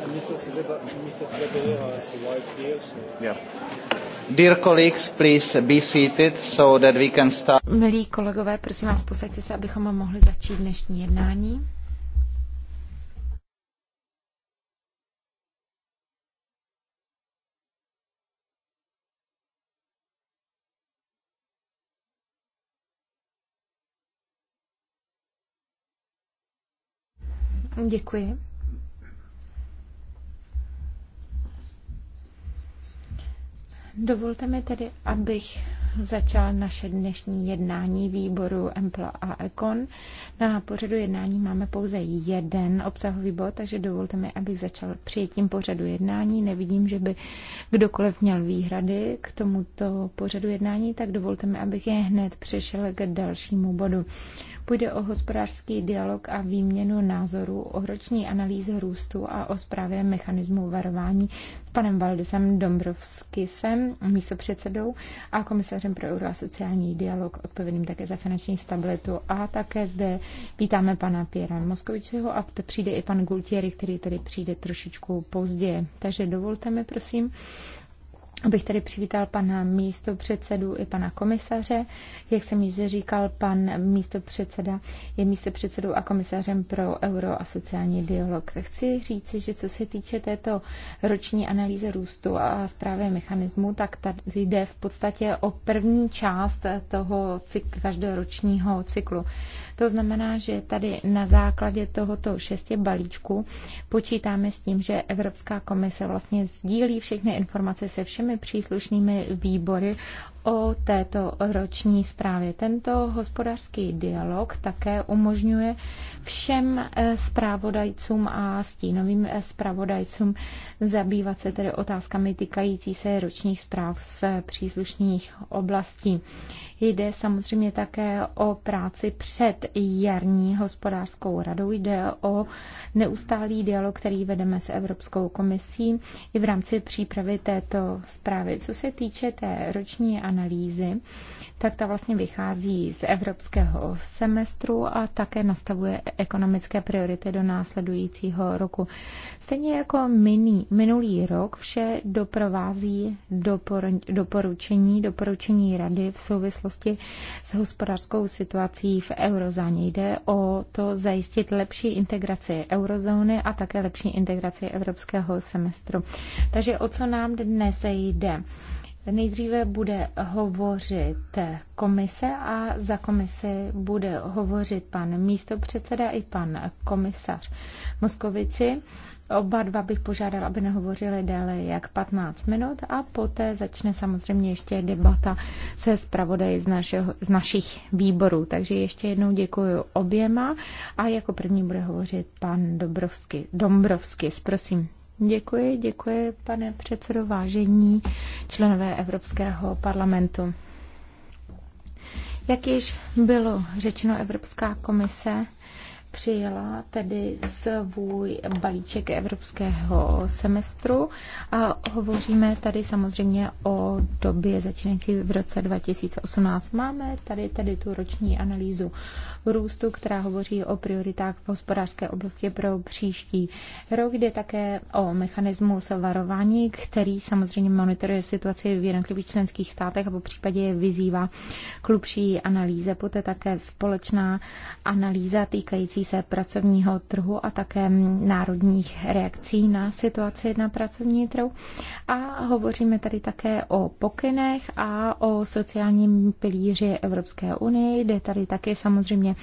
Eh, Dear colleagues, please be seated so that we can start. Milí kolegové, prosím vás, posaďte se, abychom mohli začít dnešní jednání. Děkuji. Dovolte mi tedy, abych začal naše dnešní jednání výboru EMPLO a ECON. Na pořadu jednání máme pouze jeden obsahový bod, takže dovolte mi, abych začal přijetím pořadu jednání. Nevidím, že by kdokoliv měl výhrady k tomuto pořadu jednání, tak dovolte mi, abych je hned přešel k dalšímu bodu. Půjde o hospodářský dialog a výměnu názorů, o roční analýze růstu a o zprávě mechanismu varování s panem Valdesem Dombrovskisem, místopředsedou a komisařem komisařem pro euro a sociální dialog, odpovědným také za finanční stabilitu. A také zde vítáme pana Piera Moskovičeho a přijde i pan Gultieri, který tady přijde trošičku pozdě. Takže dovolte mi, prosím, abych tady přivítal pana místo předsedu i pana komisaře. Jak jsem již říkal, pan místo předseda je místo a komisařem pro euro a sociální dialog. Chci říci, že co se týče této roční analýzy růstu a zprávy mechanismu, tak tady jde v podstatě o první část toho cyk, každoročního cyklu. To znamená, že tady na základě tohoto šestě balíčku počítáme s tím, že Evropská komise vlastně sdílí všechny informace se všemi příslušnými výbory o této roční zprávě. Tento hospodářský dialog také umožňuje všem eh, zpravodajcům a stínovým eh, zpravodajcům zabývat se tedy otázkami týkající se ročních zpráv z příslušných oblastí. Jde samozřejmě také o práci před jarní hospodářskou radou, jde o neustálý dialog, který vedeme s Evropskou komisí i v rámci přípravy této zprávy. Co se týče té roční analýzy, tak ta vlastně vychází z evropského semestru a také nastavuje ekonomické priority do následujícího roku. Stejně jako mini, minulý rok vše doprovází dopor, doporučení, doporučení rady v souvislosti s hospodářskou situací v eurozóně. Jde o to zajistit lepší integraci eurozóny a také lepší integraci evropského semestru. Takže o co nám dnes jde? Nejdříve bude hovořit komise a za komisi bude hovořit pan místopředseda i pan komisař Moskovici. Oba dva bych požádal, aby nehovořili déle jak 15 minut a poté začne samozřejmě ještě debata se zpravodaji z, našeho, z našich výborů. Takže ještě jednou děkuji oběma a jako první bude hovořit pan Dobrovsky, Dombrovskis. Prosím. Děkuji, děkuji, pane předsedo, vážení členové Evropského parlamentu. Jak již bylo řečeno, Evropská komise přijela tedy svůj balíček evropského semestru a hovoříme tady samozřejmě o době začínající v roce 2018. Máme tady tedy tu roční analýzu růstu, která hovoří o prioritách v hospodářské oblasti pro příští rok, jde také o mechanismu varování, který samozřejmě monitoruje situaci v jednotlivých členských státech a po případě je vyzývá k hlubší analýze. Poté také společná analýza týkající analýze pracovního trhu a také národních reakcí na situaci na pracovní trhu. A hovoříme tady také o pokynech a o sociálním pilíři Evropské unie. Jde tady také samozřejmě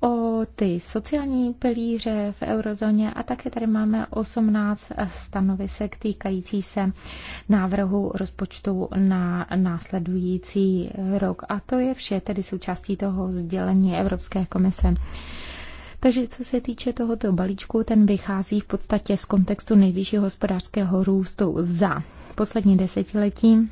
o ty sociální pilíře v eurozóně a také tady máme 18 stanovisek týkající se návrhu rozpočtu na následující rok. A to je vše tedy součástí toho sdělení Evropské komise. Takže co se týče tohoto balíčku, ten vychází v podstatě z kontextu nejvyššího hospodářského růstu za poslední desetiletí.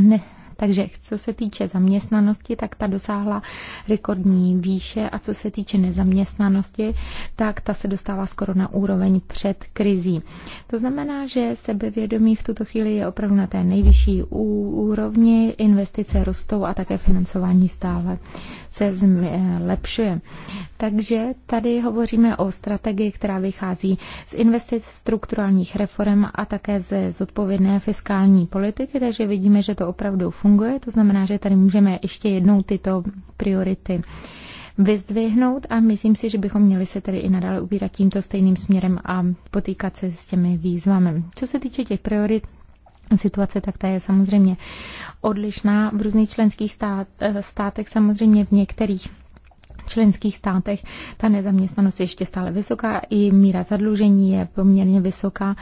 Ne, takže co se týče zaměstnanosti, tak ta dosáhla rekordní výše a co se týče nezaměstnanosti, tak ta se dostává skoro na úroveň před krizí. To znamená, že sebevědomí v tuto chvíli je opravdu na té nejvyšší úrovni, investice rostou a také financování stále se zlepšuje. Takže tady hovoříme o strategii, která vychází z investic, strukturálních reform a také ze zodpovědné fiskální politiky, takže vidíme, že to opravdu funguje. To znamená, že tady můžeme ještě jednou tyto priority vyzdvihnout a myslím si, že bychom měli se tedy i nadále ubírat tímto stejným směrem a potýkat se s těmi výzvami. Co se týče těch priorit, situace, tak ta je samozřejmě odlišná v různých členských stát, eh, státech, samozřejmě v některých členských státech ta nezaměstnanost je ještě stále vysoká, i míra zadlužení je poměrně vysoká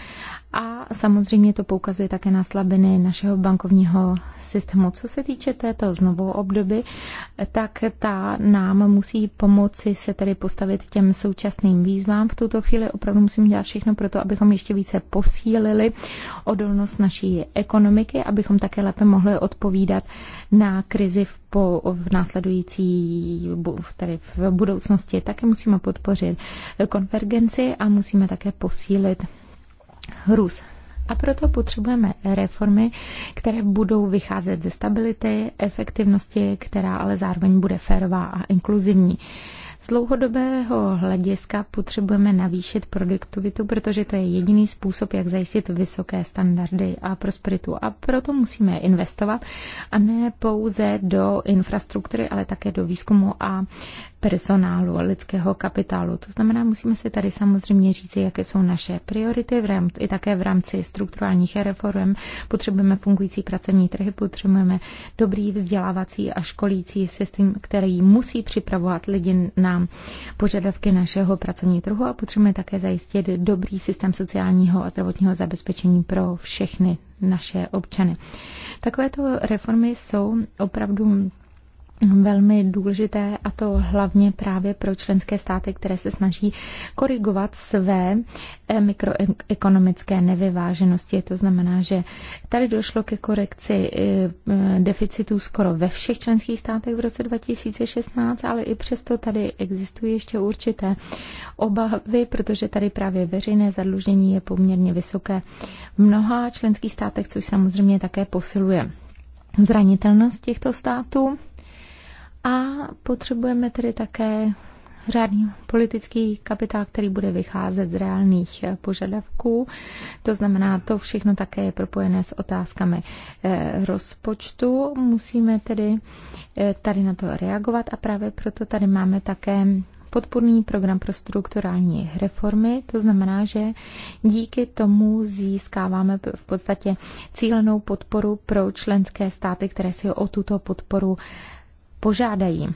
a samozřejmě to poukazuje také na slabiny našeho bankovního systému. Co se týče této znovu obdoby, tak ta nám musí pomoci se tedy postavit těm současným výzvám. V tuto chvíli opravdu musím dělat všechno pro to, abychom ještě více posílili odolnost naší ekonomiky, abychom také lépe mohli odpovídat na krizi v, po, v následující, tedy v budoucnosti. Také musíme podpořit konvergenci a musíme také posílit hrůz. A proto potřebujeme reformy, které budou vycházet ze stability, efektivnosti, která ale zároveň bude férová a inkluzivní. Z dlouhodobého hlediska potřebujeme navýšit produktivitu, protože to je jediný způsob, jak zajistit vysoké standardy a prosperitu. A proto musíme investovat a ne pouze do infrastruktury, ale také do výzkumu a personálu, lidského kapitálu. To znamená, musíme si tady samozřejmě říci, jaké jsou naše priority v rám, i také v rámci strukturálních reform. Potřebujeme fungující pracovní trhy, potřebujeme dobrý vzdělávací a školící systém, který musí připravovat lidi na nám požadavky našeho pracovního trhu a potřebujeme také zajistit dobrý systém sociálního a zdravotního zabezpečení pro všechny naše občany. Takovéto reformy jsou opravdu velmi důležité a to hlavně právě pro členské státy, které se snaží korigovat své eh, mikroekonomické nevyváženosti. To znamená, že tady došlo ke korekci eh, eh, deficitů skoro ve všech členských státech v roce 2016, ale i přesto tady existují ještě určité obavy, protože tady právě veřejné zadlužení je poměrně vysoké v mnoha členských státech, což samozřejmě také posiluje zranitelnost těchto států. A potřebujeme tedy také řádný politický kapitál, který bude vycházet z reálných eh, požadavků. To znamená, to všechno také je propojené s otázkami eh, rozpočtu. Musíme tedy eh, tady na to reagovat a právě proto tady máme také podporný program pro strukturální reformy. To znamená, že díky tomu získáváme v podstatě cílenou podporu pro členské státy, které si o tuto podporu požádají.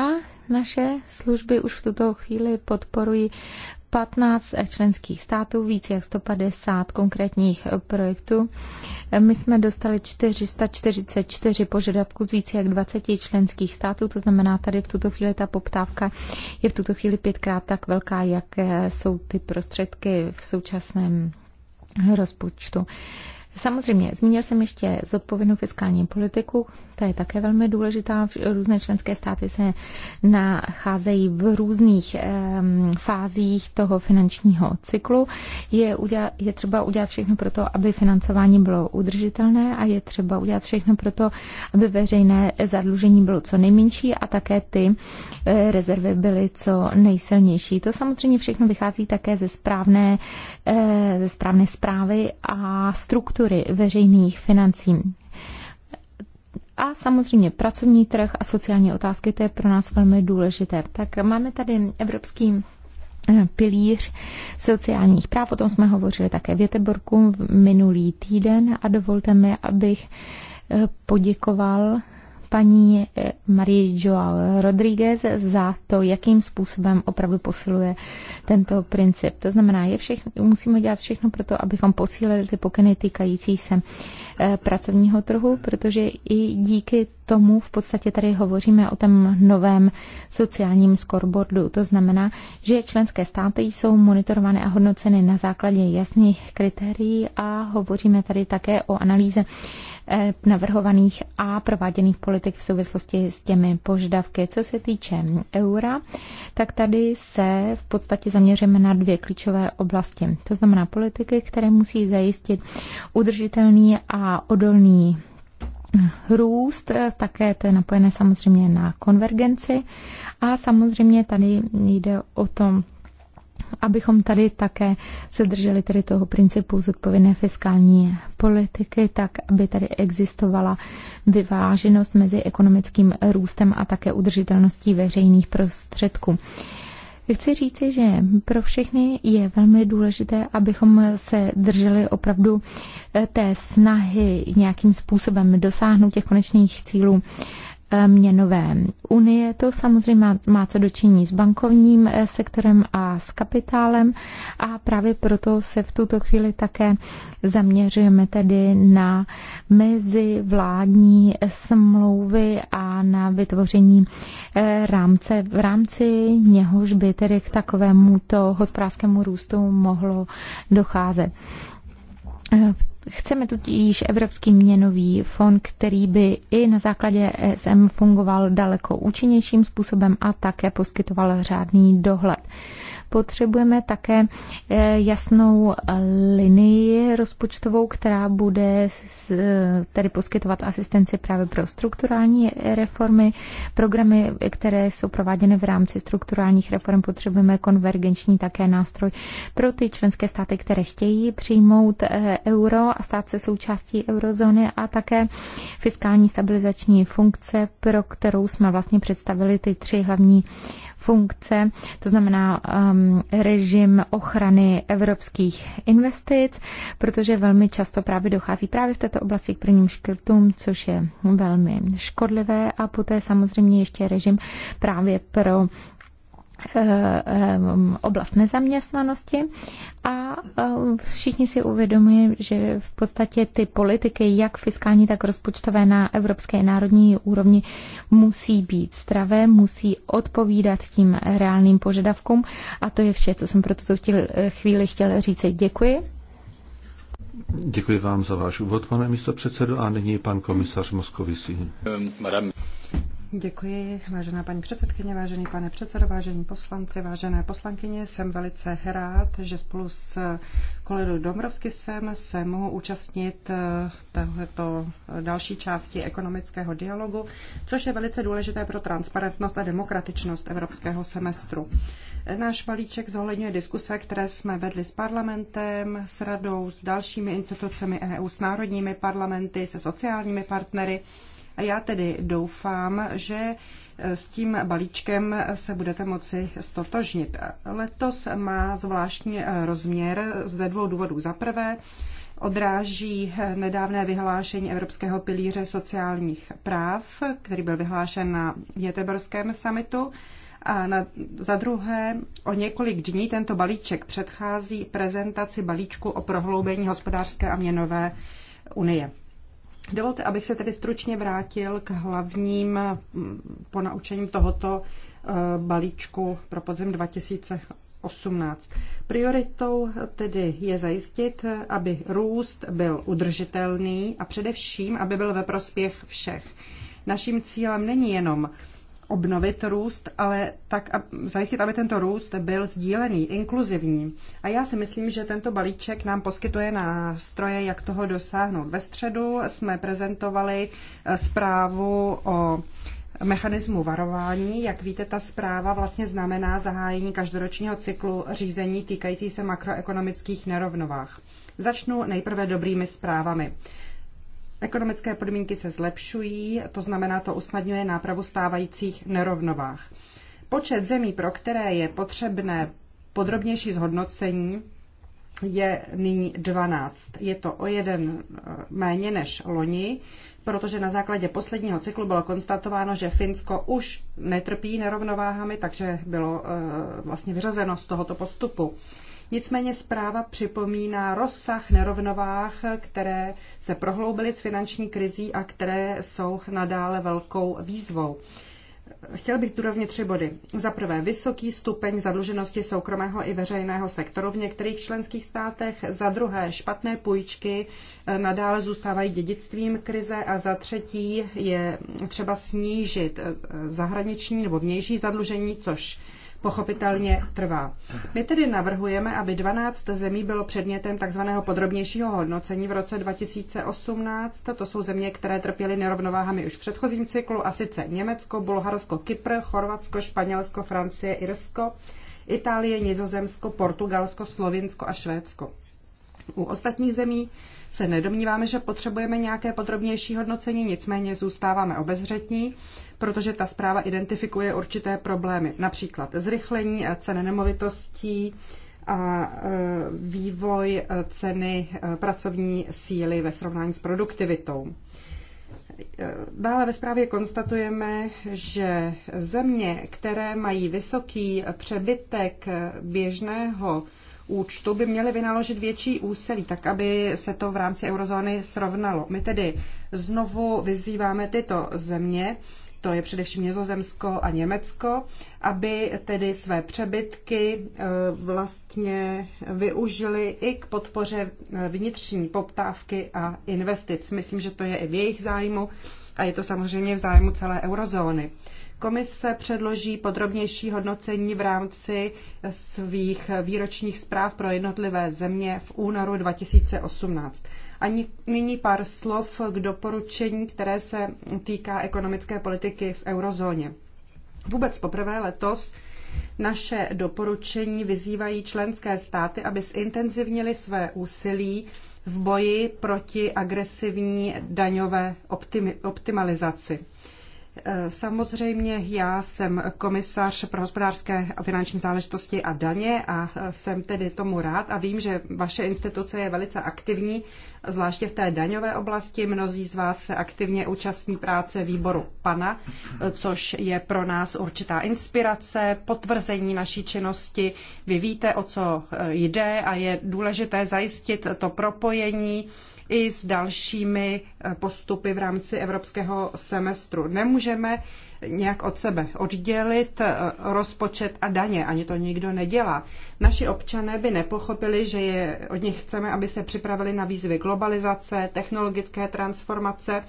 A naše služby už v tuto chvíli podporují 15 členských států, víc jak 150 konkrétních projektů. My jsme dostali 444 požadavků z více jak 20 členských států, to znamená tady v tuto chvíli ta poptávka je v tuto chvíli pětkrát tak velká, jak jsou ty prostředky v současném rozpočtu. Samozřejmě, zmínil jsem ještě zodpovědnou fiskální politiku, ta je také velmi důležitá. Různé členské státy se nacházejí v různých um, fázích toho finančního cyklu. Je, uděla, je třeba udělat všechno pro to, aby financování bylo udržitelné a je třeba udělat všechno pro to, aby veřejné zadlužení bylo co nejmenší a také ty uh, rezervy byly co nejsilnější. To samozřejmě všechno vychází také ze správné, uh, ze správné zprávy a struktury struktury veřejných financí. A samozřejmě pracovní trh a sociální otázky, to je pro nás velmi důležité. Tak máme tady evropský eh, pilíř sociálních práv. O tom jsme hovořili také v Jeteborku minulý týden a dovolte mi, abych eh, poděkoval paní eh, Marie Joao Rodriguez za to, jakým způsobem opravdu posiluje tento princip. To znamená, je všechno, musíme dělat všechno pro to, abychom posílili ty pokyny týkající se eh, pracovního trhu, protože i díky tomu v podstatě tady hovoříme o tom novém sociálním scoreboardu. To znamená, že členské státy jsou monitorovány a hodnoceny na základě jasných kritérií a hovoříme tady také o analýze Eh, navrhovaných a prováděných politik v souvislosti s těmi požadavky. Co se týče eura, tak tady se v podstatě zaměříme na dvě klíčové oblasti. To znamená politiky, které musí zajistit udržitelný a odolný růst, také to je napojené samozřejmě na konvergenci a samozřejmě tady jde o tom, abychom tady také se drželi tedy toho principu zodpovědné fiskální politiky, tak aby tady existovala vyváženost mezi ekonomickým růstem a také udržitelností veřejných prostředků. Chci říci, že pro všechny je velmi důležité, abychom se drželi opravdu eh, té snahy nějakým způsobem dosáhnout těch konečných cílů Eh, měnové unie. To samozřejmě má, má co dočinění s bankovním eh, sektorem a s kapitálem a právě proto se v tuto chvíli také zaměřujeme tedy na mezivládní smlouvy a na vytvoření eh, rámce, v rámci něhož by tedy k takovému to hospodářskému růstu mohlo docházet. Eh, chceme tudíž Evropský měnový fond, který by i na základě ESM fungoval daleko účinnějším způsobem a také poskytoval řádný dohled. Potřebujeme také eh, jasnou eh, linii rozpočtovou, která bude eh, tedy poskytovat asistenci právě pro strukturální reformy. Programy, které jsou prováděny v rámci strukturálních reform, potřebujeme konvergenční také nástroj pro ty členské státy, které chtějí přijmout euro a stát se součástí eurozóny a také fiskální stabilizační funkce, pro kterou jsme vlastně představili ty tři hlavní funkce, to znamená um, režim ochrany evropských investic, protože velmi často právě dochází právě v této oblasti k prvním škrtům, což je velmi škodlivé a poté samozřejmě ještě režim právě pro Eh, oblast nezaměstnanosti a eh, všichni si uvědomují, že v podstatě ty politiky, jak fiskální, tak rozpočtové na evropské národní úrovni musí být zdravé, musí odpovídat tím reálným požadavkům a to je vše, co jsem pro tuto chvíli eh, chtěl říct. Děkuji. Děkuji vám za váš úvod, pane místo předsedo, a nyní pan komisař Moskovici. Děkuji, vážená paní předsedkyně, vážený pane předsedo, vážení poslanci, vážené poslankyně. Jsem velice rád, že spolu s kolegou Domrovskisem se mohu účastnit eh, tohoto eh, další části ekonomického dialogu, což je velice důležité pro transparentnost a demokratičnost evropského semestru. Eh, náš balíček zohledňuje diskuse, které jsme vedli s parlamentem, s radou, s dalšími institucemi EU, s národními parlamenty, se sociálními partnery a já tedy doufám, že eh, s tím balíčkem se budete moci stotožnit. Letos má zvláštní eh, rozměr ze dvou důvodů. Za prvé, odráží eh, nedávné vyhlášení Evropského pilíře sociálních práv, který byl vyhlášen na Jeteborském samitu. A na, za druhé, o několik dní tento balíček předchází prezentaci balíčku o prohloubení hospodářské a měnové unie. Dovolte, abych se tedy stručně vrátil k hlavním mm, ponaučením tohoto eh, balíčku pro podzem 2018. Prioritou eh, tedy je zajistit, eh, aby růst byl udržitelný a především, aby byl ve prospěch všech. Naším cílem není jenom obnovit růst, ale tak a zajistit, aby tento růst byl sdílený, inkluzivní. A já si myslím, že tento balíček nám poskytuje nástroje, jak toho dosáhnout. Ve středu jsme prezentovali eh, zprávu o mechanismu varování. Jak víte, ta zpráva vlastně znamená zahájení každoročního cyklu řízení týkající se makroekonomických nerovnovách. Začnu nejprve dobrými zprávami. Ekonomické podmínky se zlepšují, to znamená, to usnadňuje nápravu stávajících nerovnovách. Počet zemí, pro které je potřebné podrobnější zhodnocení, je nyní 12. Je to o jeden eh, méně než loni, protože na základě posledního cyklu bylo konstatováno, že Finsko už netrpí nerovnováhami, takže bylo eh, vlastně vyřazeno z tohoto postupu. Nicméně zpráva připomíná rozsah nerovnovách, které se prohloubily s finanční krizí a které jsou nadále velkou výzvou. Chtěl bych zdůraznit tři body. Za prvé, vysoký stupeň zadluženosti soukromého i veřejného sektoru v některých členských státech. Za druhé, špatné půjčky eh, nadále zůstávají dědictvím krize. A za třetí je třeba snížit eh, zahraniční nebo vnější zadlužení, což pochopitelně trvá. My tedy navrhujeme, aby 12 zemí bylo předmětem tzv. podrobnějšího hodnocení v roce 2018. To jsou země, které trpěly nerovnováhami už v předchozím cyklu, a sice Německo, Bulharsko, Kypr, Chorvatsko, Španělsko, Francie, Irsko, Itálie, Nizozemsko, Portugalsko, Slovinsko a Švédsko. U ostatních zemí se nedomníváme, že potřebujeme nějaké podrobnější hodnocení, nicméně zůstáváme obezřetní, protože ta zpráva identifikuje určité problémy, například zrychlení cen nemovitostí, a e, vývoj e, ceny e, pracovní síly ve srovnání s produktivitou. Dále ve zprávě konstatujeme, že země, které mají vysoký přebytek běžného účtu by měly vynaložit větší úsilí, tak aby se to v rámci eurozóny srovnalo. My tedy znovu vyzýváme tyto země, to je především Nizozemsko a Německo, aby tedy své přebytky e, vlastně využili i k podpoře e, vnitřní poptávky a investic. Myslím, že to je i v jejich zájmu a je to samozřejmě v zájmu celé eurozóny. Komise předloží podrobnější hodnocení v rámci svých výročních zpráv pro jednotlivé země v únoru 2018. A nyní pár slov k doporučení, které se týká ekonomické politiky v eurozóně. Vůbec poprvé letos naše doporučení vyzývají členské státy, aby zintenzivnili své úsilí v boji proti agresivní daňové optimi- optimalizaci. Samozřejmě já jsem komisař pro hospodářské a finanční záležitosti a daně a jsem tedy tomu rád a vím, že vaše instituce je velice aktivní, zvláště v té daňové oblasti. Mnozí z vás se aktivně účastní práce výboru PANA, což je pro nás určitá inspirace, potvrzení naší činnosti. Vy víte, o co jde a je důležité zajistit to propojení i s dalšími eh, postupy v rámci evropského semestru. Nemůžeme nějak od sebe oddělit eh, rozpočet a daně, ani to nikdo nedělá. Naši občané by nepochopili, že je, od nich chceme, aby se připravili na výzvy globalizace, technologické transformace,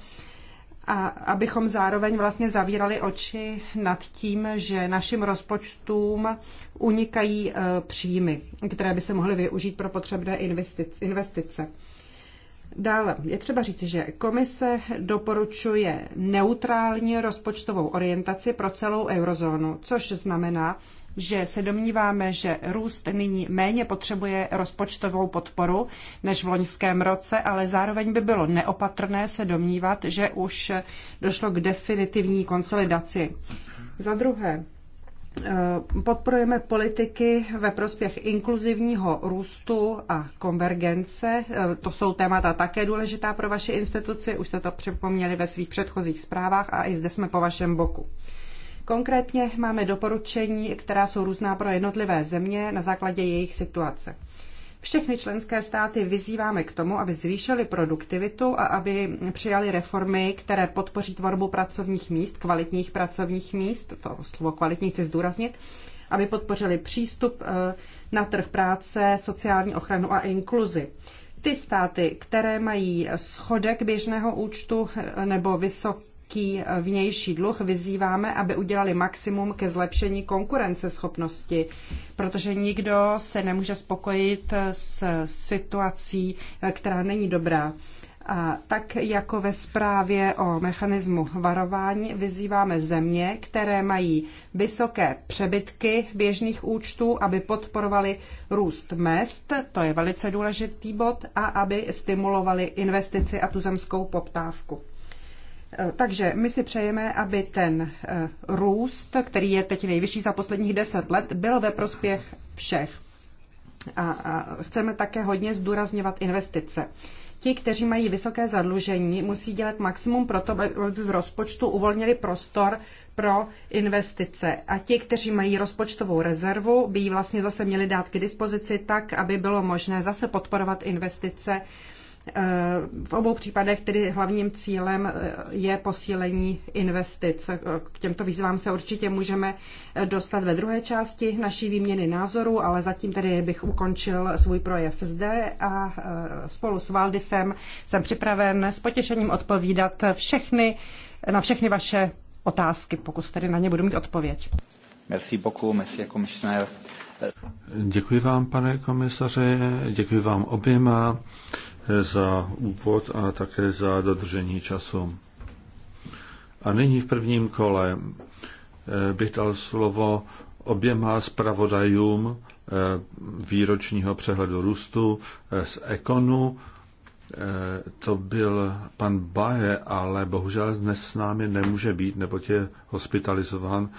a abychom zároveň vlastně zavírali oči nad tím, že našim rozpočtům unikají eh, příjmy, které by se mohly využít pro potřebné investice. Dále je třeba říci, že komise doporučuje neutrální rozpočtovou orientaci pro celou eurozónu, což znamená, že se domníváme, že růst nyní méně potřebuje rozpočtovou podporu než v loňském roce, ale zároveň by bylo neopatrné se domnívat, že už došlo k definitivní konsolidaci. Za druhé, Eh, podporujeme politiky ve prospěch inkluzivního růstu a konvergence. Eh, to jsou témata také důležitá pro vaši instituci. Už jste to připomněli ve svých předchozích zprávách a i zde jsme po vašem boku. Konkrétně máme doporučení, která jsou různá pro jednotlivé země na základě jejich situace. Všechny členské státy vyzýváme k tomu, aby zvýšili produktivitu a aby přijali reformy, které podpoří tvorbu pracovních míst, kvalitních pracovních míst, to slovo kvalitní chci zdůraznit, aby podpořili přístup eh, na trh práce, sociální ochranu a inkluzi. Ty státy, které mají schodek běžného účtu eh, nebo vysok, velký vnější dluh, vyzýváme, aby udělali maximum ke zlepšení konkurenceschopnosti, protože nikdo se nemůže spokojit s situací, která není dobrá. A tak jako ve zprávě o mechanismu varování vyzýváme země, které mají vysoké přebytky běžných účtů, aby podporovali růst mest, to je velice důležitý bod, a aby stimulovali investici a tuzemskou poptávku. Eh, takže my si přejeme, aby ten eh, růst, který je teď nejvyšší za posledních deset let, byl ve prospěch všech. A, chceme také hodně zdůrazňovat investice. Ti, kteří mají vysoké zadlužení, musí dělat maximum pro to, aby v rozpočtu uvolnili prostor pro investice. A ti, kteří mají rozpočtovou rezervu, by ji vlastně zase měli dát k dispozici tak, aby bylo možné zase podporovat investice uh, Eh, v obou případech tedy hlavním cílem eh, je posílení investic. Eh, k těmto výzvám se určitě můžeme dostat ve druhé části naší výměny názorů, ale zatím tedy bych ukončil svůj projev zde a spolu s Valdisem jsem připraven s potěšením odpovídat všechny, na všechny vaše otázky, pokud tedy na ně budu mít odpověď. Merci beaucoup, merci Děkuji vám, pane komisaře. děkuji vám oběma za úvod a také za dodržení času. A nyní v prvním kole eh, bych dal slovo oběma zpravodajům eh, výročního přehledu růstu eh, z Ekonu. To byl pan Baje, ale bohužel dnes s námi nemůže být, nebo je hospitalizován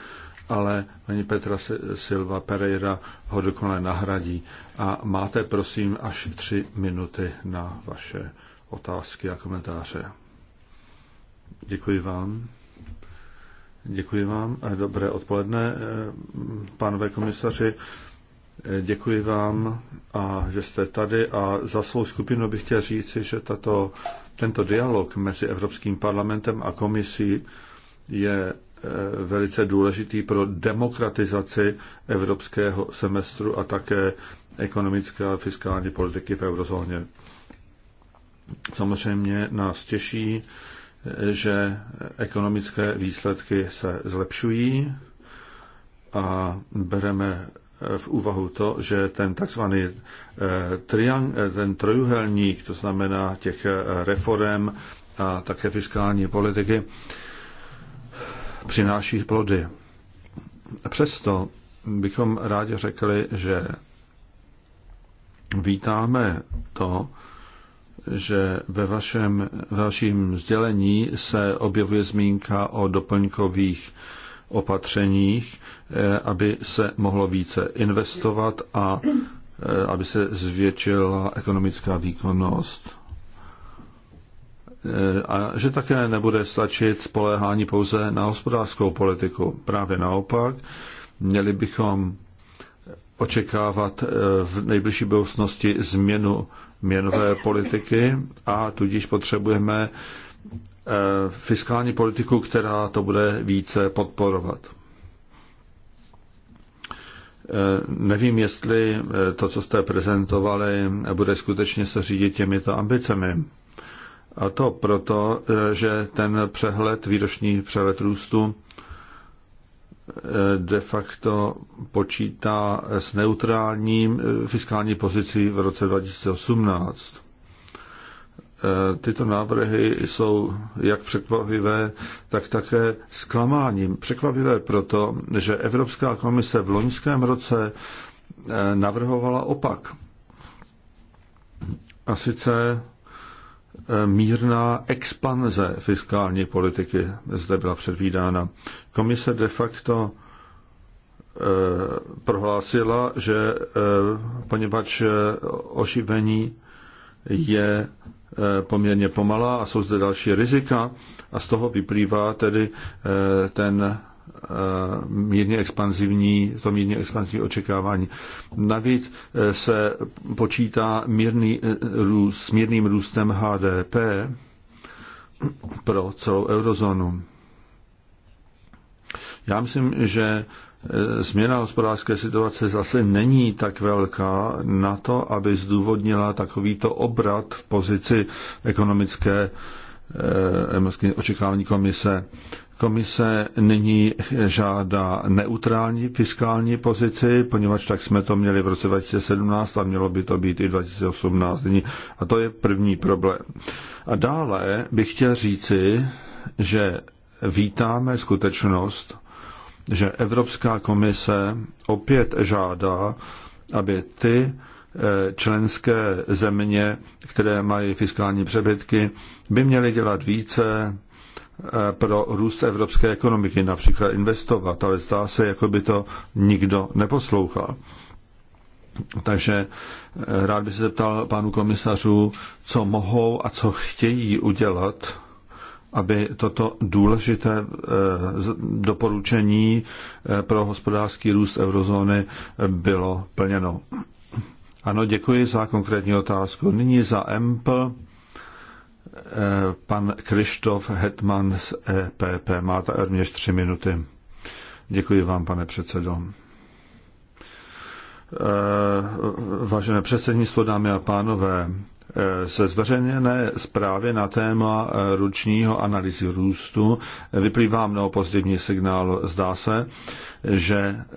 ale paní Petra Silva Pereira ho dokonale nahradí. A máte, prosím, až tři minuty na vaše otázky a komentáře. Děkuji vám. Děkuji vám. Dobré odpoledne, eh, pánové komisaři. Eh, děkuji vám, a že jste tady a za svou skupinu bych chtěl říci, že tato, tento dialog mezi Evropským parlamentem a komisí je Eh, velice důležitý pro demokratizaci evropského semestru a také ekonomické a fiskální politiky v eurozóně. Samozřejmě nás těší, eh, že ekonomické výsledky se zlepšují a bereme eh, v úvahu to, že ten takzvaný ten trojuhelník, to znamená těch reform a také fiskální politiky, přináší plody. Přesto bychom rádi řekli, že vítáme to, že ve vašem vaším sdělení se objevuje zmínka o doplňkových opatřeních, eh, aby se mohlo více investovat a eh, aby se zvětšila ekonomická výkonnost a že také nebude stačit spoléhání pouze na hospodářskou politiku. Právě naopak, měli bychom očekávat eh, v nejbližší budoucnosti změnu měnové politiky a tudíž potřebujeme eh, fiskální politiku, která to bude více podporovat. Eh, nevím, jestli to, co jste prezentovali, bude skutečně se řídit těmito ambicemi. A to proto, e, že ten přehled, výroční přehled růstu e, de facto počítá s neutrálním e, fiskální pozicí v roce 2018. Tyto návrhy jsou jak překvapivé, tak také zklamáním. Překvapivé proto, že Evropská komise v loňském roce navrhovala opak. A sice mírná expanze fiskální politiky zde byla předvídána. Komise de facto eh, prohlásila, že eh, poněvadž eh, oživení je poměrně pomalá a jsou zde další rizika a z toho vyplývá tedy ten Eh, mírně expanzivní, to mírně expanzivní očekávání. Navíc eh, se počítá mírný, eh, růst, s mírným růstem HDP pro celou eurozónu. Já myslím, že změna hospodářské situace zase není tak velká na to, aby zdůvodnila takovýto obrat v pozici ekonomické očekávání komise. Komise nyní žádá neutrální fiskální pozici, poněvadž tak jsme to měli v roce 2017 a mělo by to být i 2018 A to je první problém. A dále bych chtěl říci, že vítáme skutečnost, že Evropská komise opět žádá, aby ty eh, členské země, které mají fiskální přebytky, by měly dělat více Eh, pro růst evropské ekonomiky, například investovat, ale zdá se, jako by to nikdo neposlouchal. Takže eh, rád bych se zeptal pánu komisařů, co mohou a co chtějí udělat, aby toto důležité eh, doporučení pro hospodářský růst eurozóny bylo plněno. Ano, děkuji za konkrétní otázku. Nyní za EMPL Eh, pan Krištof Hetman z EPP. Máte rovněž tři minuty. Děkuji vám, pane předsedo. Eh, vážené předsednictvo, dámy a pánové, ze zveřejněné zprávy na téma eh, ručního analýzy růstu vyplývá mnoho pozitivní signál. Zdá se, že eh,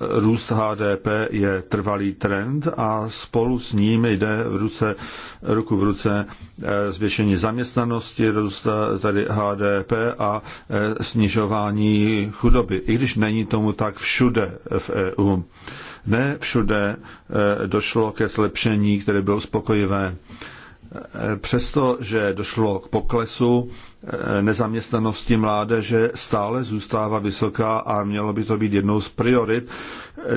růst HDP je trvalý trend a spolu s ním jde v ruce, ruku v ruce eh, zvětšení zaměstnanosti, růst tady HDP a snižování chudoby, i když není tomu tak všude v EU. Ne všude eh, došlo ke zlepšení, které bylo spokojivé. Eh, přesto, že došlo k poklesu eh, nezaměstnanosti mládeže, stále zůstává vysoká a mělo by to být jednou z priorit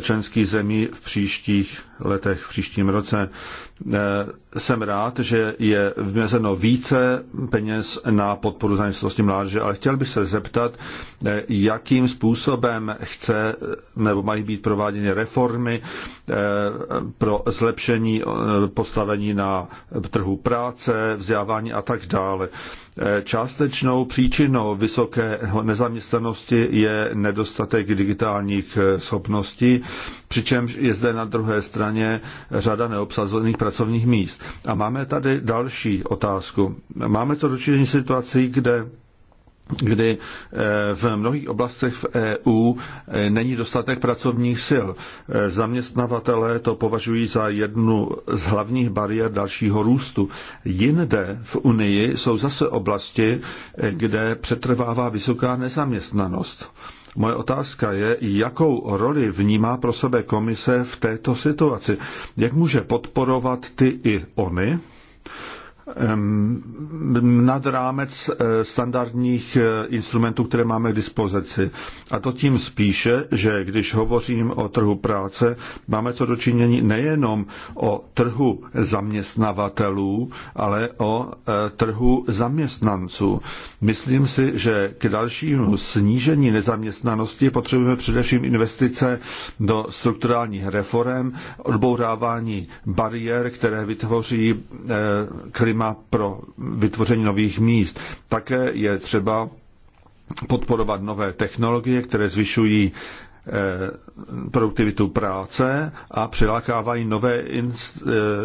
členských zemí v příštích letech, v příštím roce. Eh, jsem rád, že je vmezeno více peněz na podporu zaměstnanosti mládeže, ale chtěl bych se zeptat, eh, jakým způsobem chce nebo mají být prováděny reformy eh, pro zlepšení postavení na trhu práce, vzdělávání a tak dále. Částečnou příčinou vysoké nezaměstnanosti je nedostatek digitálních schopností přičemž je zde na druhé straně řada neobsazených pracovních míst. A máme tady další otázku. Máme co dočinění situací, kde kdy eh, v mnohých oblastech v EU eh, není dostatek pracovních sil. Eh, zaměstnavatelé to považují za jednu z hlavních bariér dalšího růstu. Jinde v Unii jsou zase oblasti, kde přetrvává vysoká nezaměstnanost. Moje otázka je, jakou roli vnímá pro sebe komise v této situaci. Jak může podporovat ty i ony? nad rámec eh, standardních eh, instrumentů, které máme k dispozici. A to tím spíše, že když hovořím o trhu práce, máme co dočinění nejenom o trhu zaměstnavatelů, ale o eh, trhu zaměstnanců. Myslím si, že k dalšímu snížení nezaměstnanosti potřebujeme především investice do strukturálních reform, odbourávání bariér, které vytvoří klima klima pro vytvoření nových míst. Také je třeba podporovat nové technologie, které zvyšují eh, produktivitu práce a přilákávají nové eh,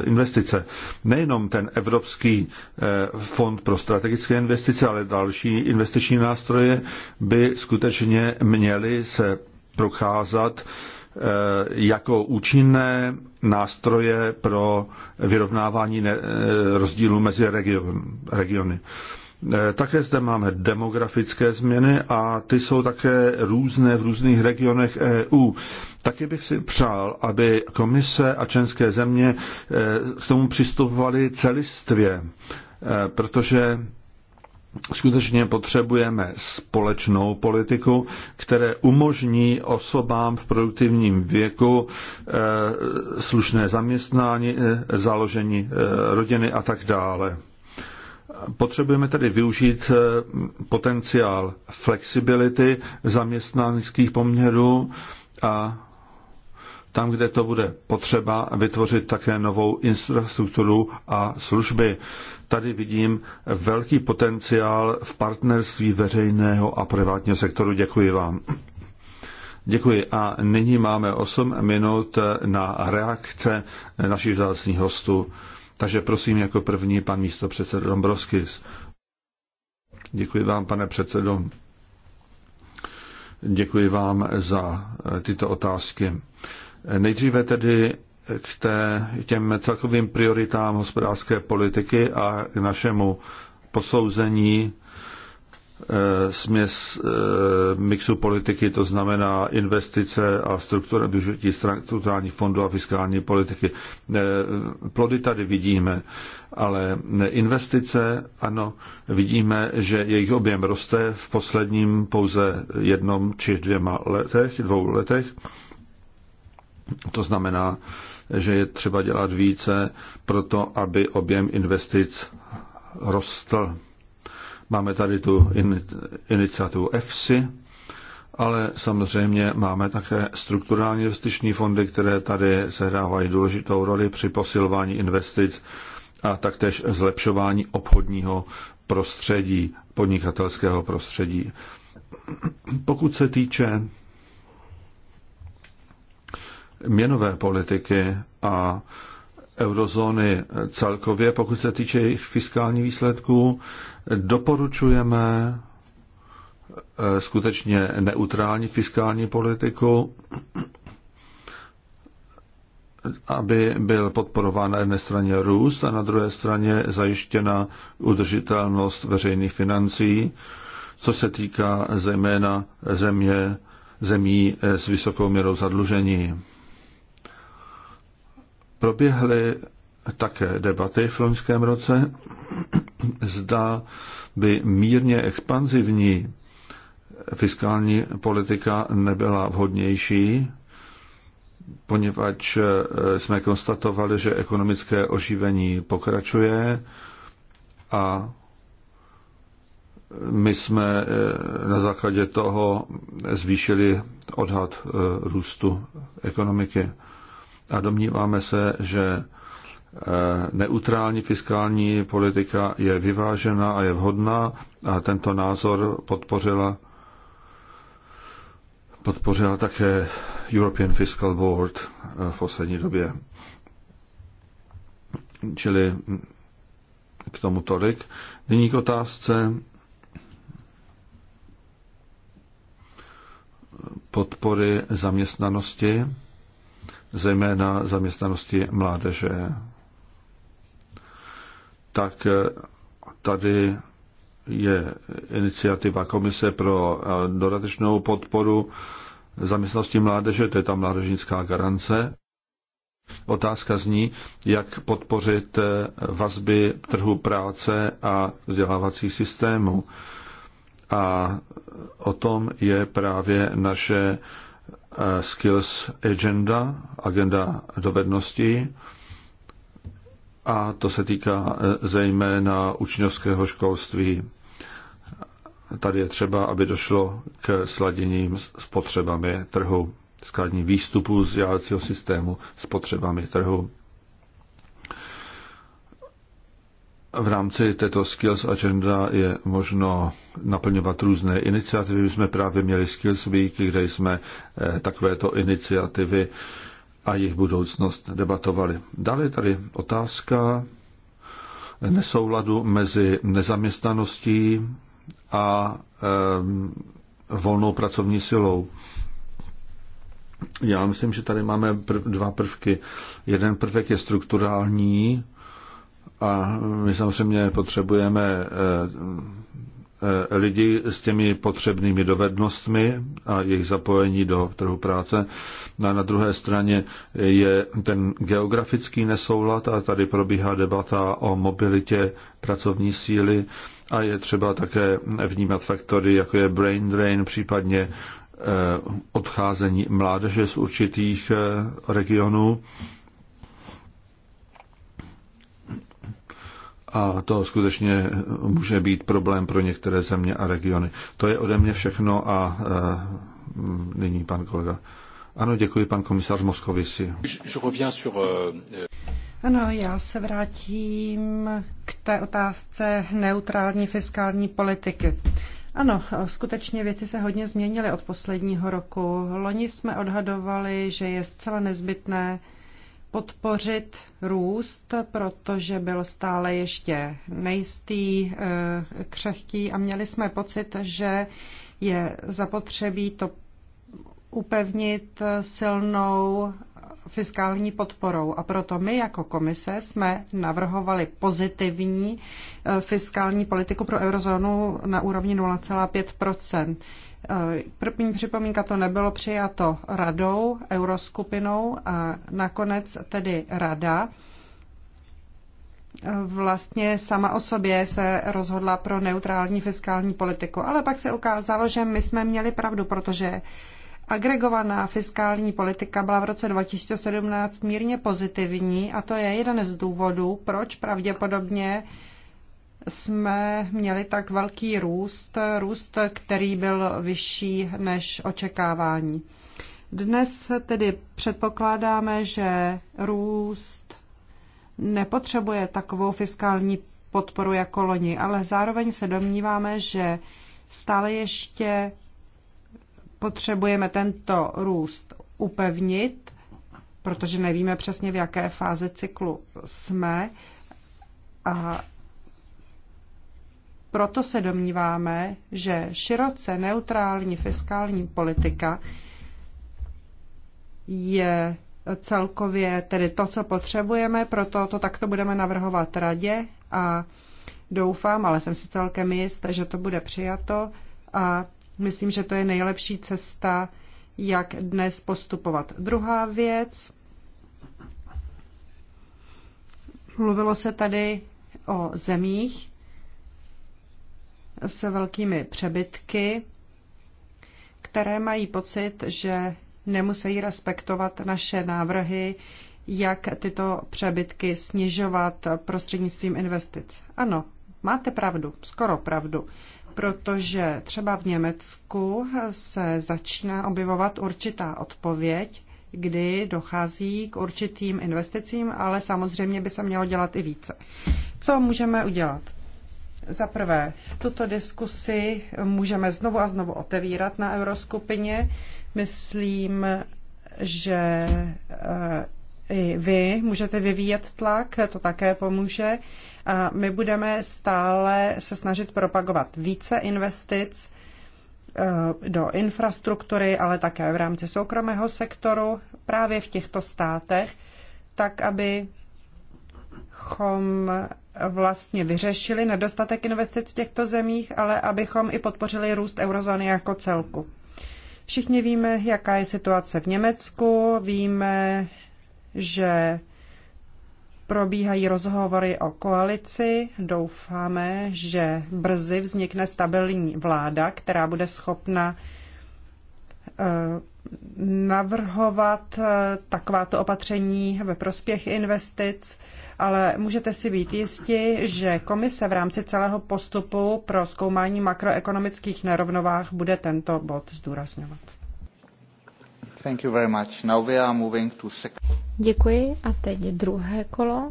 investice. Nejenom ten Evropský eh, fond pro strategické investice, ale další investiční nástroje by skutečně měly se procházat jako účinné nástroje pro vyrovnávání eh, rozdílů mezi region, regiony. Eh, také zde máme demografické změny a ty jsou také různé v různých regionech EU. Taky bych si přál, aby komise a členské země eh, k tomu přistupovaly celistvě, protože skutečně potřebujeme společnou politiku, které umožní osobám v produktivním věku eh, slušné zaměstnání, eh, založení eh, rodiny a tak dále. Potřebujeme tedy využít potenciál flexibility zaměstnaneckých poměrů a tam, kde to bude potřeba, vytvořit také novou infrastrukturu a služby. Tady vidím velký potenciál v partnerství veřejného a privátního sektoru. Děkuji vám. Děkuji a nyní máme 8 minut na reakce našich vzácných hostů. Takže prosím jako první pan místo předseda Dombrovskis. Děkuji vám, pane předsedo. Děkuji vám za tyto otázky. Nejdříve tedy k, té, těm celkovým prioritám hospodářské politiky a k našemu posouzení eh, směs eh, mixu politiky, to znamená investice a struktura, využití strukturálních fondů a fiskální politiky. Eh, plody tady vidíme, ale investice, ano, vidíme, že jejich objem roste v posledním pouze jednom či dvěma letech, dvou letech to znamená, že je třeba dělat více pro to, aby objem investic rostl. Máme tady tu in, iniciativu EFSI, ale samozřejmě máme také strukturální investiční fondy, které tady sehrávají důležitou roli při posilování investic a taktéž zlepšování obchodního prostředí, podnikatelského prostředí. Pokud se týče měnové politiky a eurozóny celkově, pokud se týče jejich fiskální výsledků, doporučujeme eh, skutečně neutrální fiskální politiku, aby byl podporován na jedné straně růst a na druhé straně zajištěna udržitelnost veřejných financí, co se týká zejména země, zemí eh, s vysokou měrou zadlužení. Proběhly také debaty v loňském roce, zda by mírně expanzivní fiskální politika nebyla vhodnější, poněvadž eh, jsme konstatovali, že ekonomické oživení pokračuje a my jsme eh, na základě toho zvýšili odhad eh, růstu ekonomiky a domníváme se, že eh, neutrální fiskální politika je vyvážená a je vhodná a tento názor podpořila podpořila také European Fiscal Board eh, v poslední době. Čili hm, k tomu tolik. Nyní k otázce podpory zaměstnanosti zejména zaměstnanosti mládeže, tak eh, tady je iniciativa Komise pro eh, dodatečnou podporu zaměstnanosti mládeže, to je ta mládežnická garance. Otázka zní, jak podpořit eh, vazby trhu práce a vzdělávací systému, A o tom je právě naše Eh, Skills Agenda, agenda dovedností, a to se týká eh, zejména učňovského školství. Tady je třeba, aby došlo k sladěním s potřebami trhu, skladní výstupu z vzdělávacího systému s potřebami trhu. v rámci této Skills Agenda je možno naplňovat různé iniciativy. My jsme právě měli Skills Week, kde jsme eh, takovéto iniciativy a jejich budoucnost debatovali. Dále je tady otázka nesouladu mezi nezaměstnaností a eh, volnou pracovní silou. Já myslím, že tady máme dva prvky. Jeden prvek je strukturální, a my samozřejmě potřebujeme eh, eh, lidi s těmi potřebnými dovednostmi a jejich zapojení do trhu práce. No a na druhé straně je ten geografický nesoulad a tady probíhá debata o mobilitě pracovní síly a je třeba také vnímat faktory, jako je brain drain, případně eh, odcházení mládeže z určitých regionů A to skutečně může být problém pro některé země a regiony. To je ode mě všechno a e, nyní pan kolega. Ano, děkuji, pan komisař Moskovici. E, e- ano, já se vrátím k té otázce neutrální fiskální politiky. Ano, skutečně věci se hodně změnily od posledního roku. Loni jsme odhadovali, že je zcela nezbytné podpořit růst, protože byl stále ještě nejistý, eh, křehký a měli jsme pocit, že je zapotřebí to upevnit silnou fiskální podporou. A proto my jako komise jsme navrhovali pozitivní eh, fiskální politiku pro eurozónu na úrovni 0,5 Eh, první připomínka to nebylo přijato radou, euroskupinou a nakonec tedy rada eh, vlastně sama o sobě se rozhodla pro neutrální fiskální politiku. Ale pak se ukázalo, že my jsme měli pravdu, protože agregovaná fiskální politika byla v roce 2017 mírně pozitivní a to je jeden z důvodů, proč pravděpodobně jsme měli tak velký růst, růst, který byl vyšší než očekávání. Dnes tedy předpokládáme, že růst nepotřebuje takovou fiskální podporu jako loni, ale zároveň se domníváme, že stále ještě potřebujeme tento růst upevnit, protože nevíme přesně, v jaké fázi cyklu jsme. A proto se domníváme, že široce neutrální fiskální politika je celkově tedy to, co potřebujeme, proto to takto budeme navrhovat radě a doufám, ale jsem si celkem jist, že to bude přijato a myslím, že to je nejlepší cesta, jak dnes postupovat. Druhá věc, mluvilo se tady o zemích, s velkými přebytky, které mají pocit, že nemusí respektovat naše návrhy, jak tyto přebytky snižovat prostřednictvím investic. Ano, máte pravdu, skoro pravdu, protože třeba v Německu se začíná objevovat určitá odpověď, kdy dochází k určitým investicím, ale samozřejmě by se mělo dělat i více. Co můžeme udělat? Za prvé, tuto diskusi můžeme znovu a znovu otevírat na euroskupině. Myslím, že eh, i vy můžete vyvíjet tlak, to také pomůže. A my budeme stále se snažit propagovat více investic eh, do infrastruktury, ale také v rámci soukromého sektoru právě v těchto státech, tak aby abychom vlastně vyřešili nedostatek investic v těchto zemích, ale abychom i podpořili růst eurozóny jako celku. Všichni víme, jaká je situace v Německu, víme, že probíhají rozhovory o koalici. Doufáme, že brzy vznikne stabilní vláda, která bude schopna eh, navrhovat eh, takováto opatření ve prospěch investic ale můžete si být jisti, že komise v rámci celého postupu pro zkoumání makroekonomických nerovnovách bude tento bod zdůrazňovat. Thank you very much. Now we are moving to Děkuji a teď druhé kolo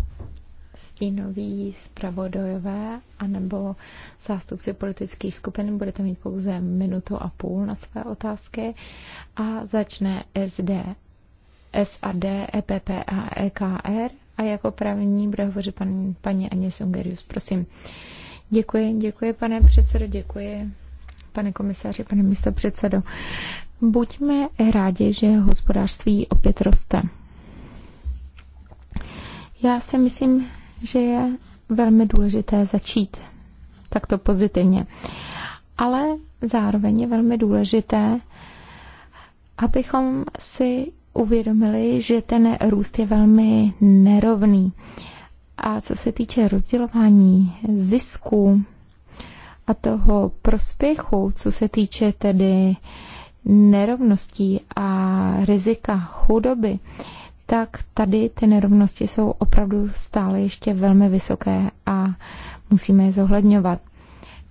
stínoví zpravodajové anebo zástupci politických skupin. Budete mít pouze minutu a půl na své otázky a začne SD, SAD, EPP a EKR a jako právní bude hovořit pan, paní Aně Sungerius. Prosím. Děkuji, děkuji pane předsedo, děkuji pane komisáři, pane místo předsedo. Buďme rádi, že hospodářství opět roste. Já si myslím, že je velmi důležité začít takto pozitivně. Ale zároveň je velmi důležité, abychom si uvědomili, že ten růst je velmi nerovný. A co se týče rozdělování zisků a toho prospěchu, co se týče tedy nerovností a rizika chudoby, tak tady ty nerovnosti jsou opravdu stále ještě velmi vysoké a musíme je zohledňovat.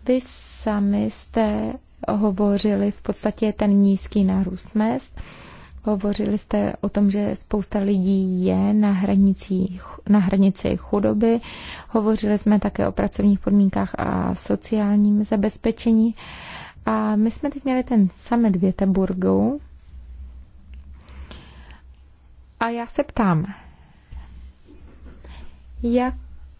Vy sami jste hovořili v podstatě ten nízký nárůst mest Hovořili jste o tom, že spousta lidí je na, hranicí, na hranici chudoby. Hovořili jsme také o pracovních podmínkách a sociálním zabezpečení. A my jsme teď měli ten summit v Jeteburgu. A já se ptám, jak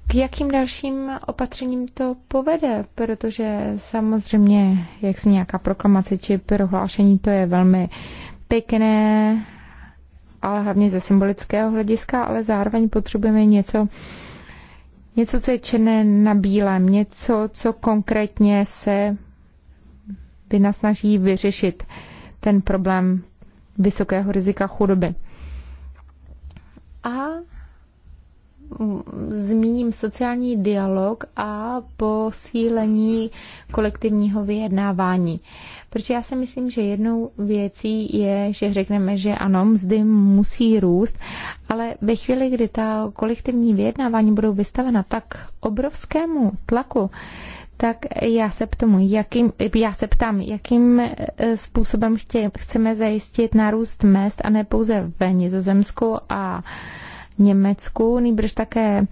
k jakým dalším opatřením to povede? Protože samozřejmě, jak si nějaká proklamace či prohlášení, to je velmi pěkné, ale hlavně ze symbolického hlediska, ale zároveň potřebujeme něco, něco, co je černé na bílém, něco, co konkrétně se by nás snaží vyřešit ten problém vysokého rizika chudoby. A zmíním sociální dialog a posílení kolektivního vyjednávání. Protože já si myslím, že jednou věcí je, že řekneme, že ano, mzdy musí růst, ale ve chvíli, kdy ta kolektivní vyjednávání budou vystavena tak obrovskému tlaku, tak já se, ptám, jakým, já se ptám, jakým eh, způsobem chtě, chceme zajistit nárůst mest a ne pouze ve Nizozemsku a uh, Německu, nýbrž také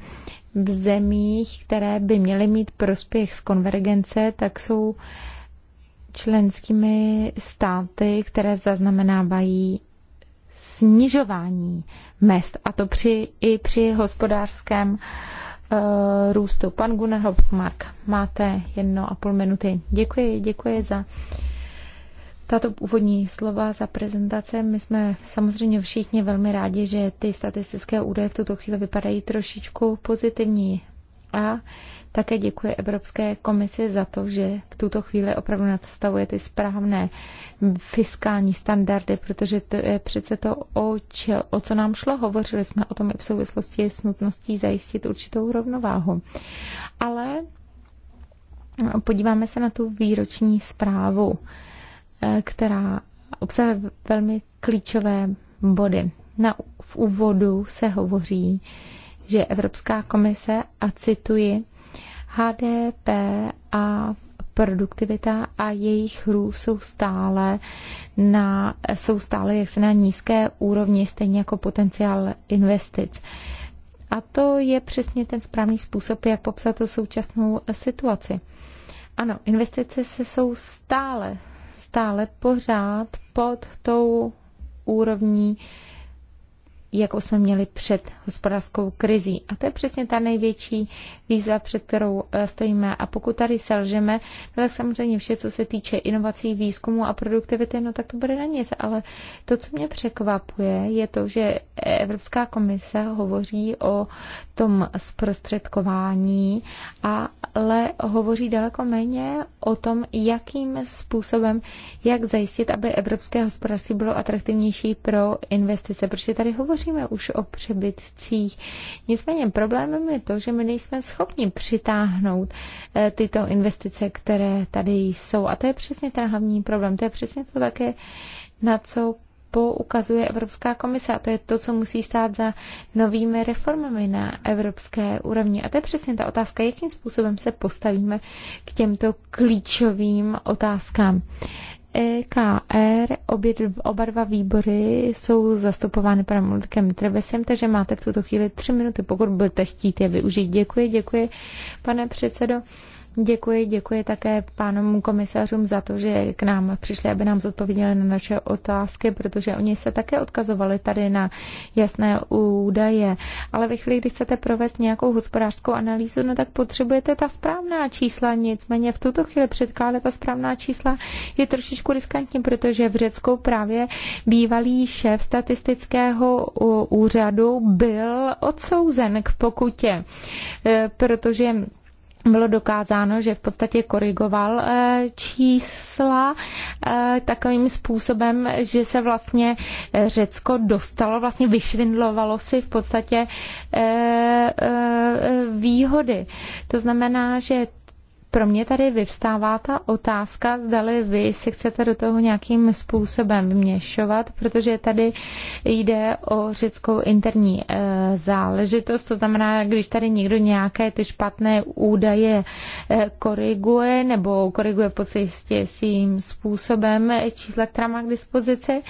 v zemích, které by měly mít prospěch z konvergence, tak jsou členskými státy, které zaznamenávají snižování mest, a to při, i při hospodářském uh, růstu. Pan Gunnar Hopmark, máte jedno a půl minuty. Děkuji, děkuji za uh, tato úvodní slova za prezentace. My jsme samozřejmě všichni velmi rádi, že ty statistické údaje v tuto chvíli vypadají trošičku pozitivní. A také děkuji Evropské komisi za to, že v tuto chvíli opravdu nastavuje ty správné fiskální standardy, protože to je přece to, o, čel, o co nám šlo. Hovořili jsme o tom i v souvislosti s nutností zajistit určitou rovnováhu. Ale podíváme se na tu výroční zprávu. Eh, která obsahuje velmi klíčové body. Na, v úvodu se hovoří, že Evropská komise, a cituji, HDP a produktivita a jejich růst jsou stále, na, jsou stále jak se na nízké úrovni, stejně jako potenciál investic. A to je přesně ten správný způsob, jak popsat tu současnou situaci. Ano, investice se jsou stále stále pořád pod tou úrovní, jako jsme měli před hospodářskou krizí. A to je přesně ta největší výzva, před kterou eh, stojíme. A pokud tady selžeme, tak samozřejmě vše, co se týče inovací, výzkumu a produktivity, no tak to bude na nic. Ale to, co mě překvapuje, je to, že Evropská komise hovoří o tom zprostředkování a ale hovoří daleko méně o tom, jakým způsobem, jak zajistit, aby evropské hospodářství bylo atraktivnější pro investice, protože tady hovoříme už o přebytcích. Nicméně problémem je to, že my nejsme schopni přitáhnout eh, tyto investice, které tady jsou. A to je přesně ten hlavní problém. To je přesně to také, na co ukazuje Evropská komise a to je to, co musí stát za novými reformami na evropské úrovni. A to je přesně ta otázka, jakým způsobem se postavíme k těmto klíčovým otázkám. EKR, obě, oba dva výbory jsou zastupovány panem Ludkem Trevesem, takže máte v tuto chvíli tři minuty, pokud budete chtít je využít. Děkuji, děkuji, pane předsedo. Děkuji, děkuji také pánům komisařům za to, že k nám přišli, aby nám zodpověděli na naše otázky, protože oni se také odkazovali tady na jasné údaje. Ale ve chvíli, kdy chcete provést nějakou hospodářskou analýzu, no tak potřebujete ta správná čísla. Nicméně v tuto chvíli předkládat ta správná čísla je trošičku riskantní, protože v Řecku právě bývalý šéf statistického úřadu byl odsouzen k pokutě, eh, protože bylo dokázáno, že v podstatě korigoval eh, čísla eh, takovým způsobem, že se vlastně eh, Řecko dostalo, vlastně vyšvindlovalo si v podstatě výhody. To znamená, že pro mě tady vyvstává ta otázka, zdali vy si chcete do toho nějakým způsobem vměšovat, protože tady jde o řeckou interní eh, záležitost, to znamená, když tady někdo nějaké ty špatné údaje eh, koriguje nebo koriguje v podstatě svým způsobem eh, čísla, která má k dispozici.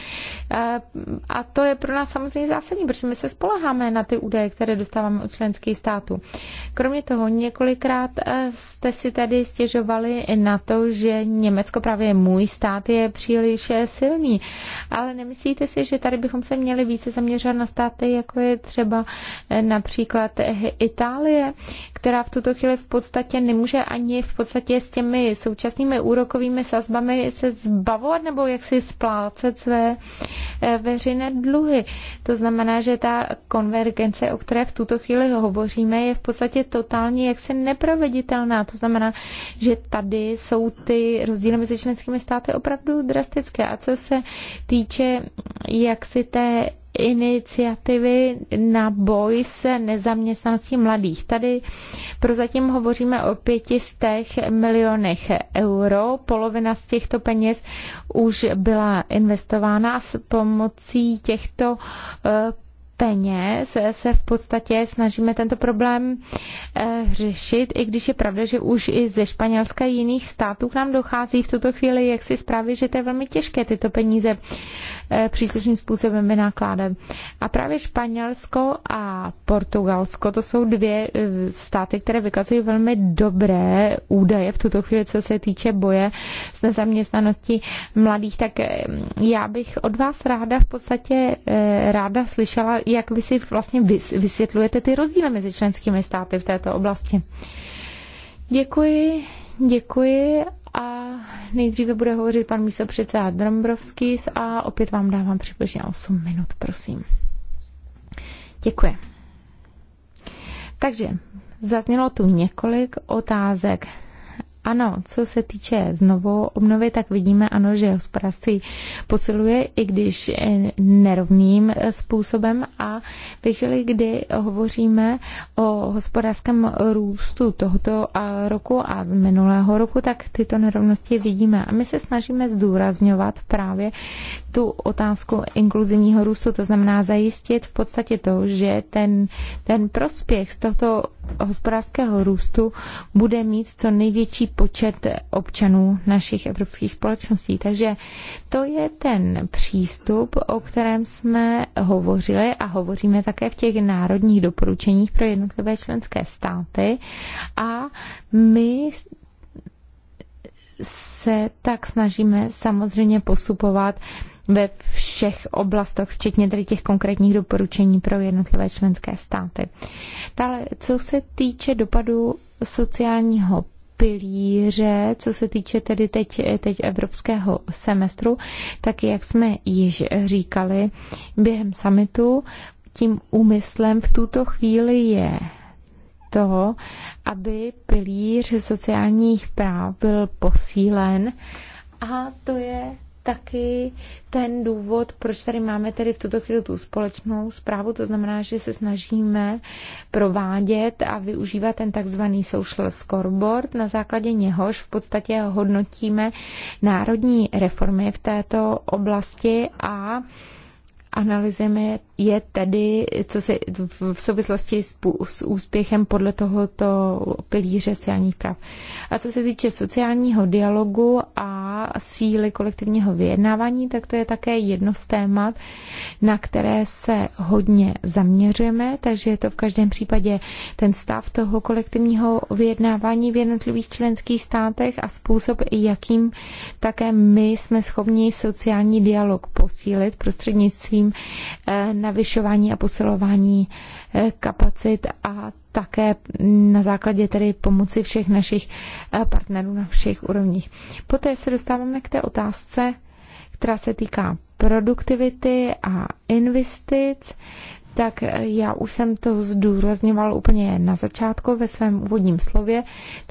A to je pro nás samozřejmě zásadní, protože my se spoleháme na ty údaje, které dostáváme od členských států. Kromě toho několikrát jste si tady tady stěžovali na to, že Německo, právě můj stát, je příliš eh, silný. Ale nemyslíte si, že tady bychom se měli více zaměřovat na státy, jako je třeba eh, například eh, Itálie, která v tuto chvíli v podstatě nemůže ani v podstatě s těmi současnými úrokovými sazbami se zbavovat nebo jak si splácet své veřejné dluhy. To znamená, že ta konvergence, o které v tuto chvíli hovoříme, je v podstatě totálně jaksi neproveditelná. To znamená, že tady jsou ty rozdíly mezi členskými státy opravdu drastické. A co se týče jak si té iniciativy na boj se nezaměstnaností mladých. Tady prozatím hovoříme o pětistech milionech euro. Polovina z těchto peněz už byla investována s pomocí těchto eh, peněz se v podstatě snažíme tento problém eh, řešit, i když je pravda, že už i ze Španělska jiných států k nám dochází v tuto chvíli, jak si zprávy, že to je velmi těžké tyto peníze Eh, příslušným způsobem vynákládat. A právě Španělsko a Portugalsko, to jsou dvě eh, státy, které vykazují velmi dobré údaje v tuto chvíli, co se týče boje s nezaměstnaností mladých, tak eh, já bych od vás ráda v podstatě ráda slyšela, jak vy si vlastně vysvětlujete ty rozdíly mezi členskými státy v této oblasti. Děkuji, děkuji a nejdříve bude hovořit pan předseda Drombrovský a opět vám dávám přibližně 8 minut, prosím. Děkuji. Takže zaznělo tu několik otázek ano, co se týče znovu obnovy, tak vidíme, ano, že hospodářství posiluje, i když eh, nerovným eh, způsobem a ve chvíli, kdy hovoříme o hospodářském růstu tohoto eh, roku a z minulého roku, tak tyto nerovnosti vidíme. A my se snažíme zdůrazňovat právě tu otázku inkluzivního růstu, to znamená zajistit v podstatě to, že ten, ten prospěch z tohoto hospodářského růstu bude mít co největší počet občanů našich evropských společností. Takže to je ten přístup, o kterém jsme hovořili a hovoříme také v těch národních doporučeních pro jednotlivé členské státy. A my se tak snažíme samozřejmě postupovat ve všech oblastech, včetně tedy těch konkrétních doporučení pro jednotlivé členské státy. Ale co se týče dopadu sociálního pilíře, co se týče tedy teď, teď evropského semestru, tak jak jsme již říkali během summitu, tím úmyslem v tuto chvíli je to, aby pilíř sociálních práv byl posílen a to je taky ten důvod, proč tady máme tedy v tuto chvíli tu společnou zprávu, to znamená, že se snažíme provádět a využívat ten takzvaný social scoreboard, na základě něhož v podstatě hodnotíme národní reformy v této oblasti a Analyzujeme je tedy, co se v souvislosti s, s úspěchem podle tohoto pilíře sociálních práv. A co se týče sociálního dialogu a síly kolektivního vyjednávání, tak to je také jedno z témat, na které se hodně zaměřujeme, takže je to v každém případě ten stav toho kolektivního vyjednávání v jednotlivých členských státech a způsob, jakým také my jsme schopni sociální dialog posílit prostřednictvím především eh, navyšování a posilování eh, kapacit a také na základě tedy pomoci všech našich eh, partnerů na všech úrovních. Poté se dostáváme k té otázce, která se týká produktivity a investic tak já už jsem to zdůrazňoval úplně na začátku ve svém úvodním slově.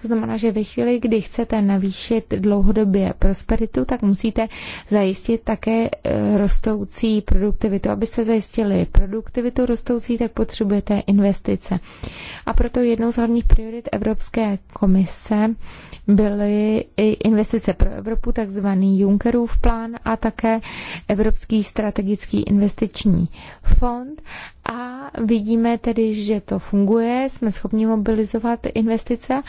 To znamená, že ve chvíli, kdy chcete navýšit dlouhodobě prosperitu, tak musíte zajistit také eh, rostoucí produktivitu. Abyste zajistili produktivitu rostoucí, tak potřebujete investice. A proto jednou z hlavních priorit Evropské komise byly i investice pro Evropu, takzvaný Junckerův plán a také Evropský strategický investiční fond a vidíme tedy, že to funguje, jsme schopni mobilizovat investice,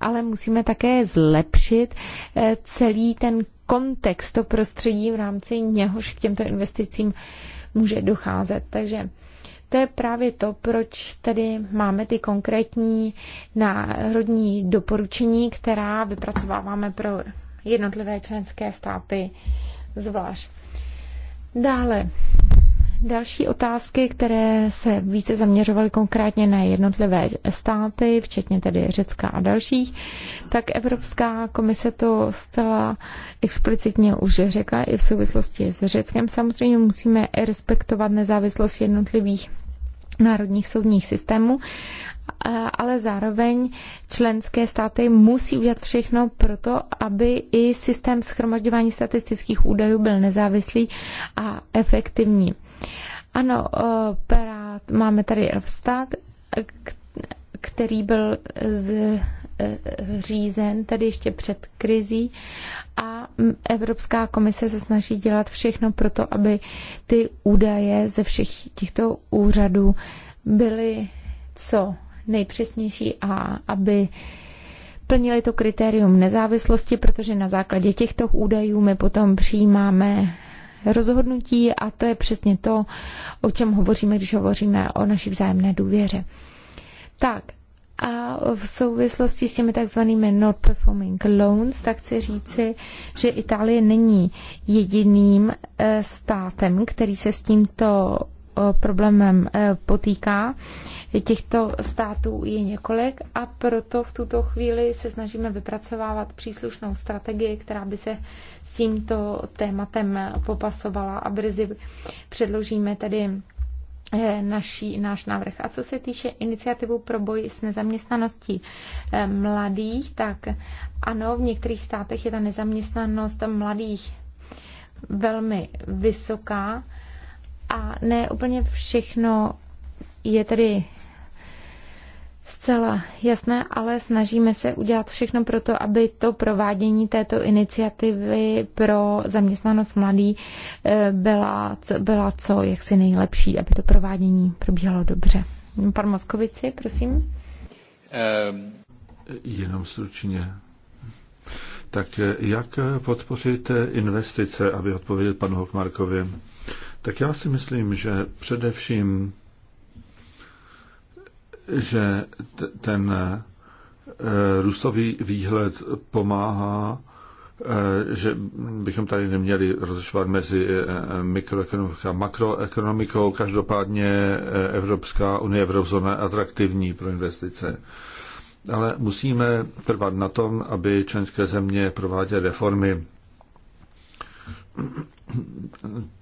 ale musíme také zlepšit eh, celý ten kontext, to prostředí, v rámci něhož k těmto investicím může docházet. Takže to je právě to, proč tady máme ty konkrétní národní doporučení, která vypracováváme pro jednotlivé členské státy zvlášť. Dále Další otázky, které se více zaměřovaly konkrétně na jednotlivé státy, včetně tedy Řecka a dalších, tak Evropská komise to zcela explicitně už řekla i v souvislosti s Řeckem. Samozřejmě musíme respektovat nezávislost jednotlivých národních soudních systémů, ale zároveň členské státy musí udělat všechno pro to, aby i systém schromažďování statistických údajů byl nezávislý a efektivní. Ano, eh, Perát, máme tady Elfstad, eh, který byl z, eh, řízen tedy ještě před krizí a Evropská komise se snaží dělat všechno pro to, aby ty údaje ze všech těchto úřadů byly co nejpřesnější a aby plnili to kritérium nezávislosti, protože na základě těchto údajů my potom přijímáme rozhodnutí a to je přesně to, o čem hovoříme, když hovoříme o naší vzájemné důvěře. Tak, a v souvislosti s těmi takzvanými non-performing loans, tak chci říci, že Itálie není jediným eh, státem, který se s tímto problémem e, potýká. Těchto států je několik a proto v tuto chvíli se snažíme vypracovávat příslušnou strategii, která by se s tímto tématem popasovala a brzy předložíme tedy e, naší, náš návrh. A co se týče iniciativu pro boj s nezaměstnaností e, mladých, tak ano, v některých státech je ta nezaměstnanost mladých velmi vysoká a ne úplně všechno je tedy zcela jasné, ale snažíme se udělat všechno pro to, aby to provádění této iniciativy pro zaměstnanost mladý eh, byla, byla co jaksi nejlepší, aby to provádění probíhalo dobře. Pan Moskovici, prosím. Um. Jenom stručně. Tak jak podpořit investice, aby odpověděl panu Hokmarkovi? tak já si myslím, že především, že ten eh, rusový výhled pomáhá, eh, že bychom tady neměli rozlišovat mezi eh, mikroekonomikou a makroekonomikou. Každopádně Evropská unie, Eurozóna je atraktivní pro investice. Ale musíme trvat na tom, aby členské země prováděly reformy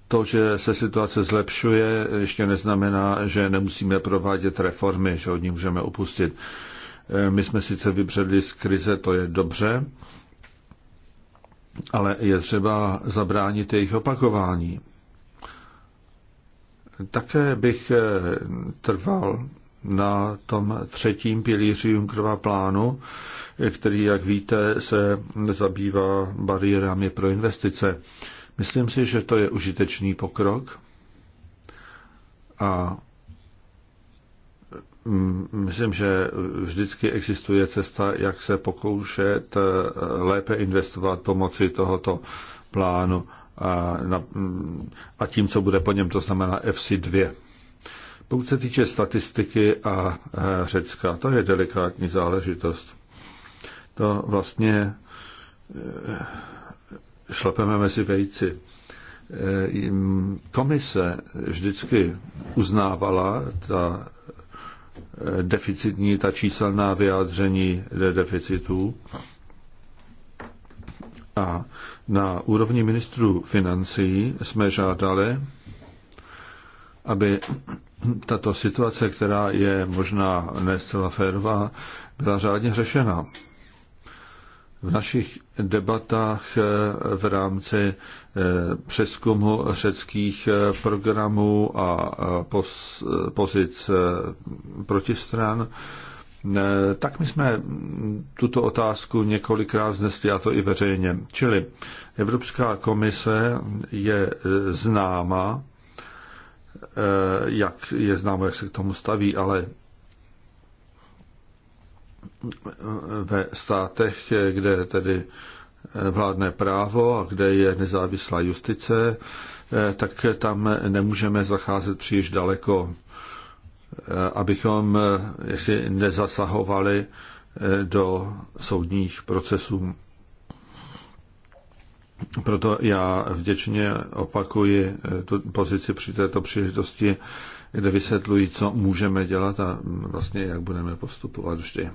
to, že se situace zlepšuje, ještě neznamená, že nemusíme provádět reformy, že od ní můžeme upustit. Eh, my jsme sice vybředli z krize, to je dobře, ale je třeba zabránit jejich opakování. Také bych eh, trval na tom třetím pilíři Junckerova plánu, eh, který, jak víte, se zabývá bariérami pro investice. Myslím si, že to je užitečný pokrok a mm, myslím, že vždycky existuje cesta, jak se pokoušet eh, lépe investovat pomocí tohoto plánu a, na, mm, a tím, co bude po něm, to znamená FC2. Pokud se týče statistiky a eh, Řecka, to je delikátní záležitost. To vlastně eh, šlepeme mezi vejci. E, komise vždycky uznávala ta e, deficitní, ta číselná vyjádření deficitů. A na úrovni ministrů financí jsme žádali, aby tato situace, která je možná ne férová, byla řádně řešena v našich debatách eh, v rámci eh, přeskumu řeckých eh, programů a pozic protistran, tak my jsme tuto otázku několikrát znesli, a to i veřejně. Čili Evropská komise je známa, jak je známo, jak se k tomu staví, ale ve státech, kde tedy vládne právo a kde je nezávislá justice, tak tam nemůžeme zacházet příliš daleko, abychom jestli nezasahovali do soudních procesů. Proto já vděčně opakuji tu pozici při této příležitosti, kde vysvětluji, co můžeme dělat a vlastně jak budeme postupovat vždy.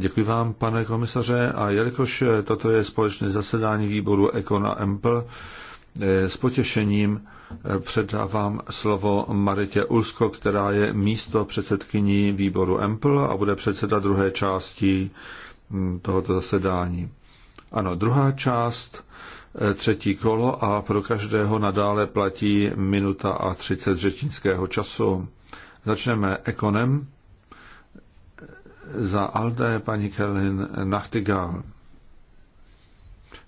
Děkuji vám, pane komisaře, a jelikož toto je společné zasedání výboru Ekona Empl, eh, s potěšením eh, předávám slovo Maritě Ulsko, která je místo předsedkyní výboru Empl a bude předseda druhé části hm, tohoto zasedání. Ano, druhá část, eh, třetí kolo a pro každého nadále platí minuta a třicet řečnického času. Začneme ekonem za ALDE paní Kerlin Nachtigal.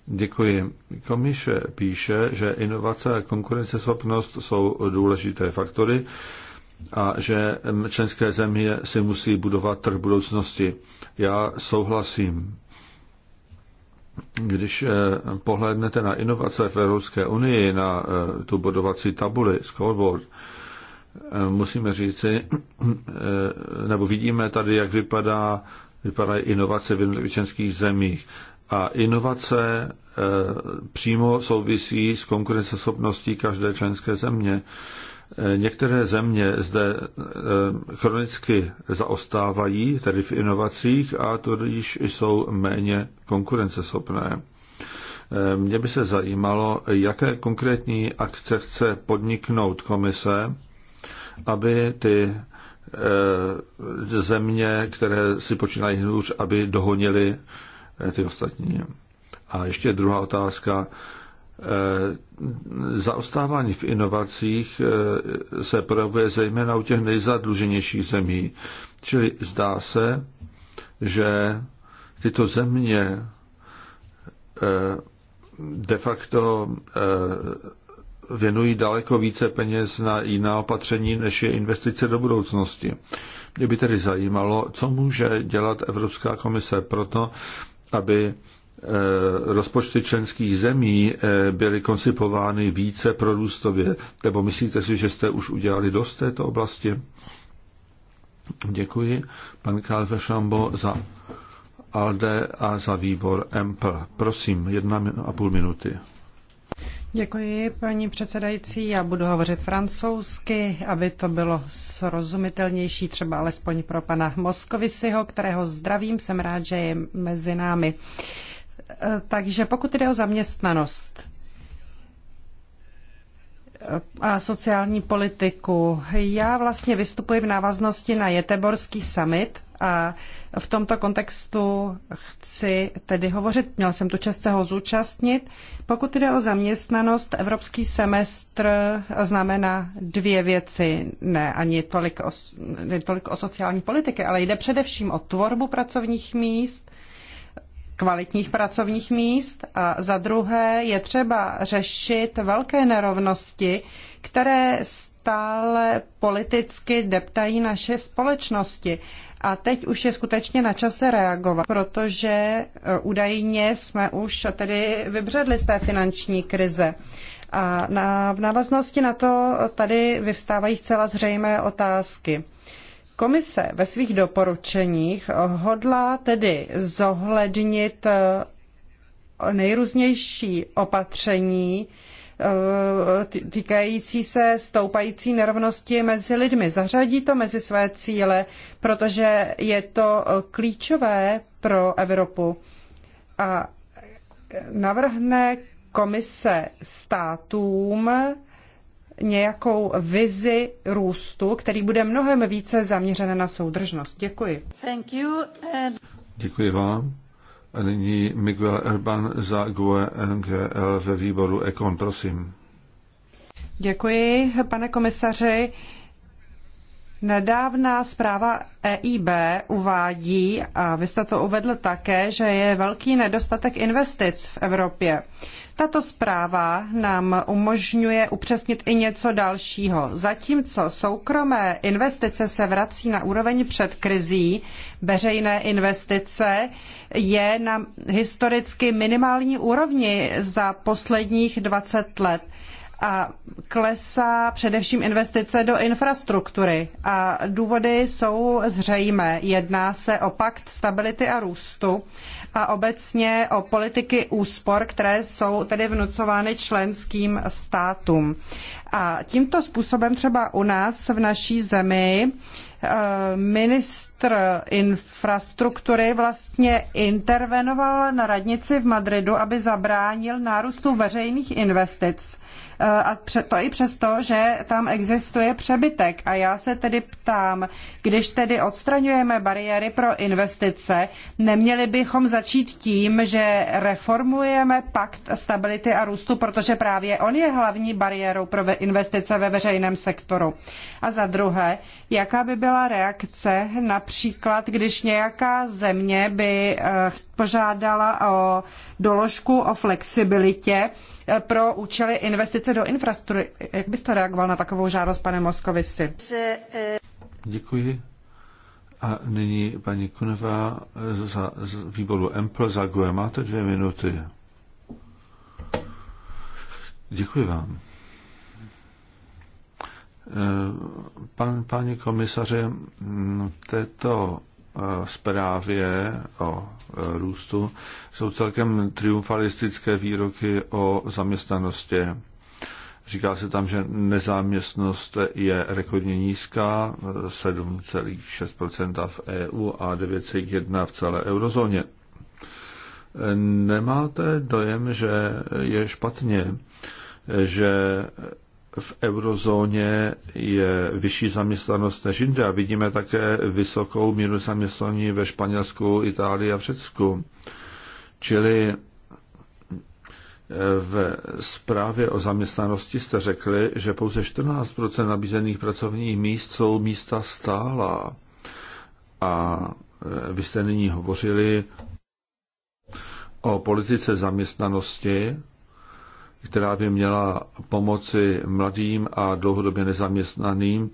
Děkuji. Komise píše, že inovace a konkurenceschopnost jsou důležité faktory a že členské země si musí budovat trh budoucnosti. Já souhlasím. Když eh, pohlédnete na inovace v Evropské unii, na eh, tu budovací tabuli, scoreboard, musíme říci, eh, nebo vidíme tady, jak vypadá, vypadají inovace v jednotlivých zemích. A inovace eh, přímo souvisí s konkurenceschopností každé členské země. Eh, některé země zde chronicky zaostávají, tedy v inovacích, a již jsou méně konkurenceschopné. Mě by se zajímalo, jaké konkrétní akce chce podniknout komise, aby ty eh, země, které si počínají hnůř, aby dohonili eh, ty ostatní. A ještě druhá otázka. Eh, zaostávání v inovacích se projevuje zejména u těch nejzadluženějších zemí. Čili zdá se, že tyto země de facto věnují daleko více peněz na jiná opatření, než je investice do budoucnosti. Mě by tedy zajímalo, co může dělat Evropská komise proto, aby eh, rozpočty členských zemí eh, byly koncipovány více prorůstově? Nebo myslíte si, že jste už udělali dost této oblasti? Děkuji, pan Kalve Šambo, za ALDE a za výbor MPL. Prosím, jedna a půl minuty. Děkuji, paní předsedající. Já budu hovořit francouzsky, aby to bylo srozumitelnější třeba alespoň pro pana Moskovisiho, kterého zdravím, jsem rád, že je mezi námi. E, takže pokud jde o zaměstnanost a sociální politiku, já vlastně vystupuji v návaznosti na Jeteborský summit, a v tomto kontextu chci tedy hovořit, měl jsem tu čest se ho zúčastnit. Pokud jde o zaměstnanost, evropský semestr znamená dvě věci, ne ani tolik o, ne tolik o sociální politiky, ale jde především o tvorbu pracovních míst, kvalitních pracovních míst a za druhé je třeba řešit velké nerovnosti, které stále politicky deptají naše společnosti. A teď už je skutečně na čase reagovat, protože eh, údajně jsme už tedy vybředli z té finanční krize. A na, v návaznosti na to tady vyvstávají zcela zřejmé otázky. Komise ve svých doporučeních hodlá tedy zohlednit eh, nejrůznější opatření, Eh, týkající se stoupající nerovnosti mezi lidmi. Zařadí to mezi své cíle, protože je to eh, klíčové pro Evropu. A navrhne komise státům nějakou vizi růstu, který bude mnohem více zaměřen na soudržnost. Děkuji. Thank you. Eh. Děkuji vám. Nyní Miguel Erban za GUE NGL ve výboru Ekon, prosím. Děkuji, pane komisaři. Nedávná zpráva EIB uvádí, a vy jste to uvedl také, že je velký nedostatek investic v Evropě. Tato zpráva nám umožňuje upřesnit i něco dalšího. Zatímco soukromé investice se vrací na úroveň před krizí, veřejné investice je na historicky minimální úrovni za posledních 20 let a klesá především investice do infrastruktury. A důvody jsou zřejmé. Jedná se o pakt stability a růstu a obecně o politiky úspor, které jsou tedy vnucovány členským státům. A tímto způsobem třeba u nás v naší zemi eh, ministr infrastruktury vlastně intervenoval na radnici v Madridu, aby zabránil nárůstu veřejných investic Eh, a to i přesto, že tam existuje přebytek. A já se tedy ptám, když tedy odstraňujeme bariéry pro investice, neměli bychom začít tím, že reformujeme pakt stability a růstu, protože právě on je hlavní bariérou pro investice ve veřejném sektoru. A za druhé, jaká by byla reakce například, když nějaká země by eh, požádala o doložku o flexibilitě, pro účely investice do infrastruktury. Jak byste reagoval na takovou žádost, pane Moskovisi? Děkuji. A nyní paní Kuneva za, z výboru EMPL za GUE. Máte dvě minuty. Děkuji vám. Eh, pan, páni komisaři, této Eh, zprávě o eh, růstu jsou celkem triumfalistické výroky o zaměstnanosti. Říká se tam, že nezáměstnost je rekordně nízká, 7,6% eh, v EU a 9,1% v celé eurozóně. Nemáte dojem, že je špatně, že v eurozóně je vyšší zaměstnanost než jinde. A vidíme také vysokou míru zaměstnaní ve Španělsku, Itálii a v Řecku. Čili eh, v zprávě o zaměstnanosti jste řekli, že pouze 14 nabízených pracovních míst jsou místa stála. A eh, vy jste nyní hovořili o politice zaměstnanosti která by měla pomoci mladým a dlouhodobě nezaměstnaným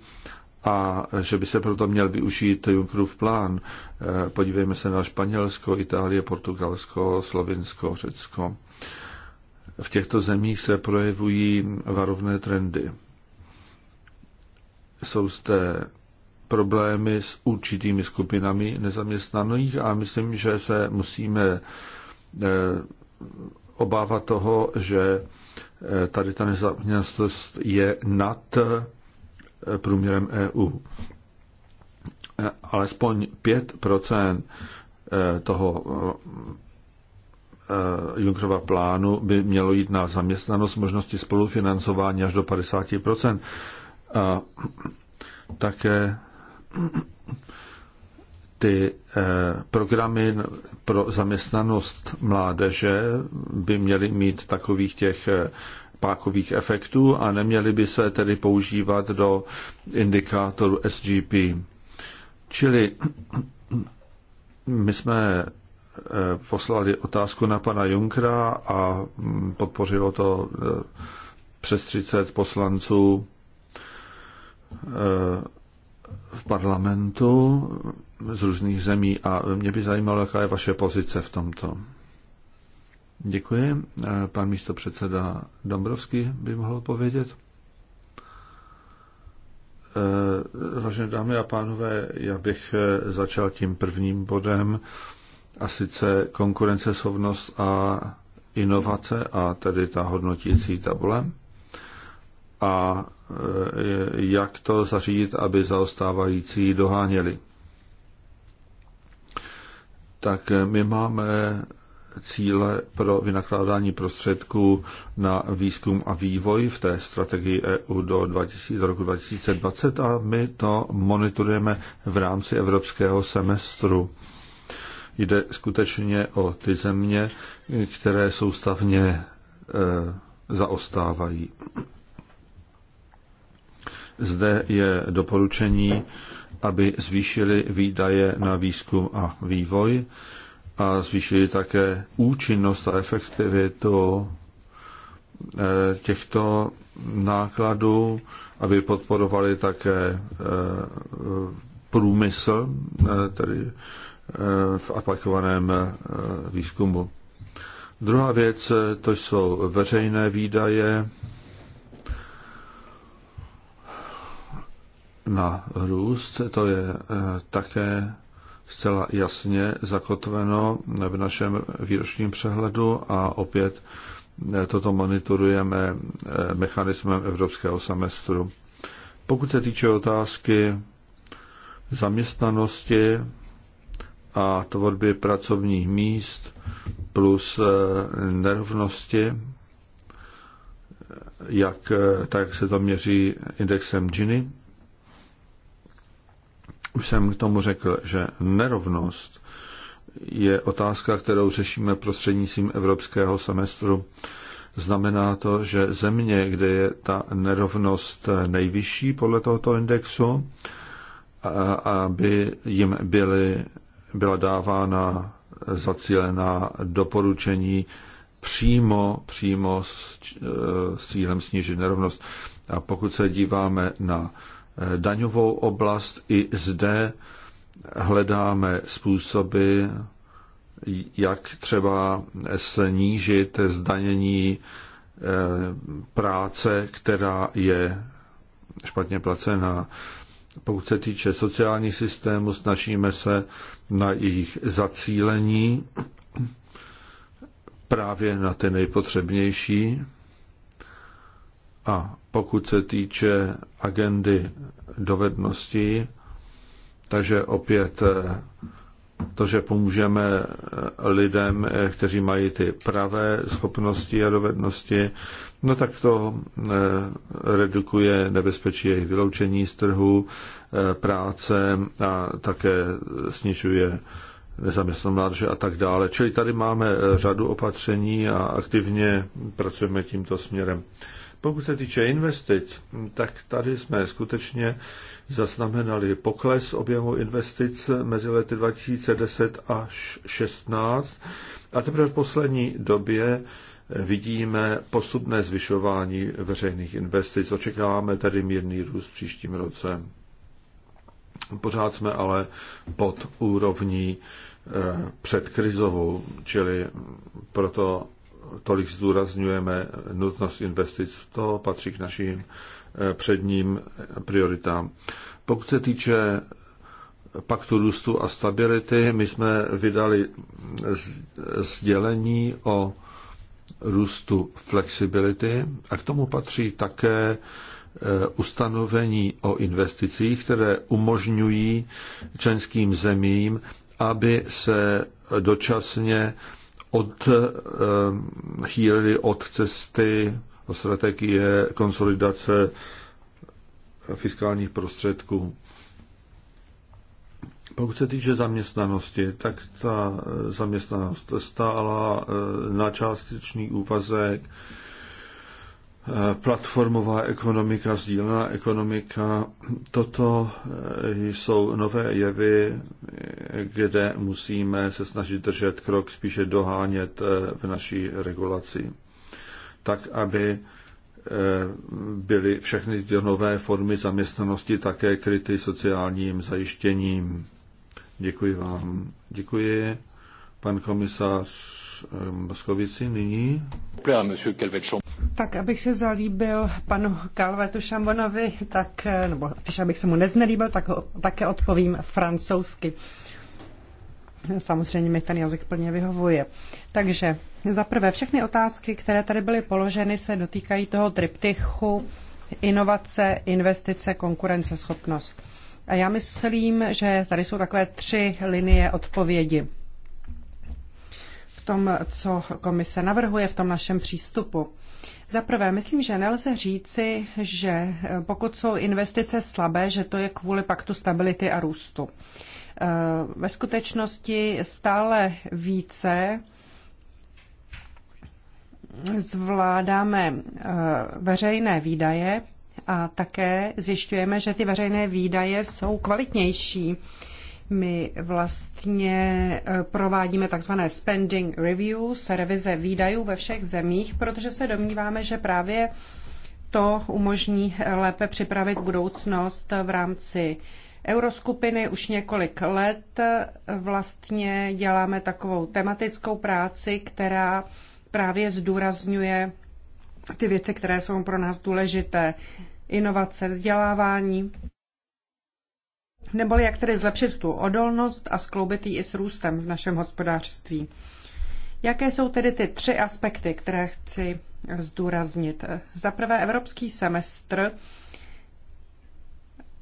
a že by se proto měl využít Junckerův plán. Eh, podívejme se na Španělsko, Itálie, Portugalsko, Slovinsko, Řecko. V těchto zemích se projevují varovné trendy. Jsou zde problémy s určitými skupinami nezaměstnaných a myslím, že se musíme eh, obávat toho, že Eh, tady ta nezaměstnanost je nad eh, průměrem EU. Eh, alespoň 5 toho Junkrova plánu by mělo jít na zaměstnanost možnosti spolufinancování až do 50 A také ty eh, programy pro zaměstnanost mládeže by měly mít takových těch eh, pákových efektů a neměly by se tedy používat do indikátoru SGP. Čili my jsme eh, poslali otázku na pana Junkra a mm, podpořilo to přes 30 poslanců v parlamentu z různých zemí a mě by zajímalo, jaká je vaše pozice v tomto. Děkuji. Eh, pan místo předseda Dombrovský by mohl povědět. Eh, vážené dámy a pánové, já bych eh, začal tím prvním bodem, a sice konkurenceschopnost a inovace, a tedy ta hodnotící tabule. A jak to zařídit, aby zaostávající doháněli tak my máme cíle pro vynakládání prostředků na výzkum a vývoj v té strategii EU do 2000, roku 2020 a my to monitorujeme v rámci evropského semestru. Jde skutečně o ty země, které soustavně e, zaostávají. Zde je doporučení, e, aby zvýšili výdaje na výzkum a vývoj a zvýšili také účinnost a efektivitu eh, těchto nákladů, aby podporovali také eh, průmysl, eh, tedy v aplikovaném výzkumu. Druhá věc, to jsou veřejné výdaje, na růst, to je eh, také zcela jasně zakotveno v našem výročním přehledu a opět eh, toto monitorujeme eh, mechanismem evropského semestru. Pokud se týče otázky zaměstnanosti a tvorby pracovních míst plus nerovnosti, jak, tak se to měří indexem Gini, už jsem k tomu řekl, že nerovnost je otázka, kterou řešíme prostřednictvím evropského semestru. Znamená to, že země, kde je ta nerovnost nejvyšší podle tohoto indexu, aby jim byly, byla dávána zacílená doporučení přímo, přímo s, s cílem snížit nerovnost. A pokud se díváme na daňovou oblast. I zde hledáme způsoby, jak třeba snížit zdanění eh, práce, která je špatně placená. Pokud se týče sociálních systémů, snažíme se na jejich zacílení právě na ty nejpotřebnější. A pokud se týče agendy dovedností, takže opět eh, to, že pomůžeme eh, lidem, eh, kteří mají ty pravé schopnosti a dovednosti, no tak to redukuje nebezpečí jejich vyloučení z trhu práce a také snižuje nezaměstnanost mládeže a tak dále. Čili tady máme řadu opatření a aktivně pracujeme tímto směrem. Pokud se týče investic, tak tady jsme skutečně zaznamenali pokles objemu investic mezi lety 2010 až 2016 a teprve v poslední době vidíme postupné zvyšování veřejných investic. Očekáváme tedy mírný růst příštím roce. Pořád jsme ale pod úrovní eh, předkrizovou, čili proto tolik zdůrazňujeme nutnost investic, to patří k našim eh, předním prioritám. Pokud se týče paktu růstu a stability, my jsme vydali sdělení o růstu flexibility a k tomu patří také eh, ustanovení o investicích, které umožňují členským zemím, aby se dočasně od chvíli od cesty strategie konsolidace fiskálních prostředků. Pokud se týče zaměstnanosti, tak ta zaměstnanost stála eh, na částečný úvazek Eh, platformová ekonomika, sdílená ekonomika. Toto eh, jsou nové jevy, eh, kde musíme se snažit držet krok, spíše dohánět v naší regulaci. Tak, aby byly všechny ty nové formy zaměstnanosti také kryty sociálním zajištěním. Děkuji vám. Děkuji, pan komisař. Moskovici nyní. Tak, abych se zalíbil panu Kalvetu Šambonovi, tak, nebo když abych se mu neznelíbil, tak ho, také odpovím francouzsky. Samozřejmě mi ten jazyk plně vyhovuje. Takže za prvé, všechny otázky, které tady byly položeny, se dotýkají toho triptychu inovace, investice, konkurenceschopnost. A já myslím, že tady jsou takové tři linie odpovědi tom, co komise navrhuje, v tom našem přístupu. Za prvé, myslím, že nelze říci, že eh, pokud jsou investice slabé, že to je kvůli paktu stability a růstu. Eh, ve skutečnosti stále více zvládáme eh, veřejné výdaje a také zjišťujeme, že ty veřejné výdaje jsou kvalitnější my vlastně e, provádíme takzvané spending reviews, revize výdajů ve všech zemích, protože se domníváme, že právě to umožní lépe připravit budoucnost v rámci euroskupiny už několik let. E, vlastně děláme takovou tematickou práci, která právě zdůrazňuje ty věci, které jsou pro nás důležité. Inovace, vzdělávání, neboli jak tedy zlepšit tu odolnost a skloubit ji i s růstem v našem hospodářství. Jaké jsou tedy ty tři aspekty, které chci zdůraznit? Za prvé, evropský semestr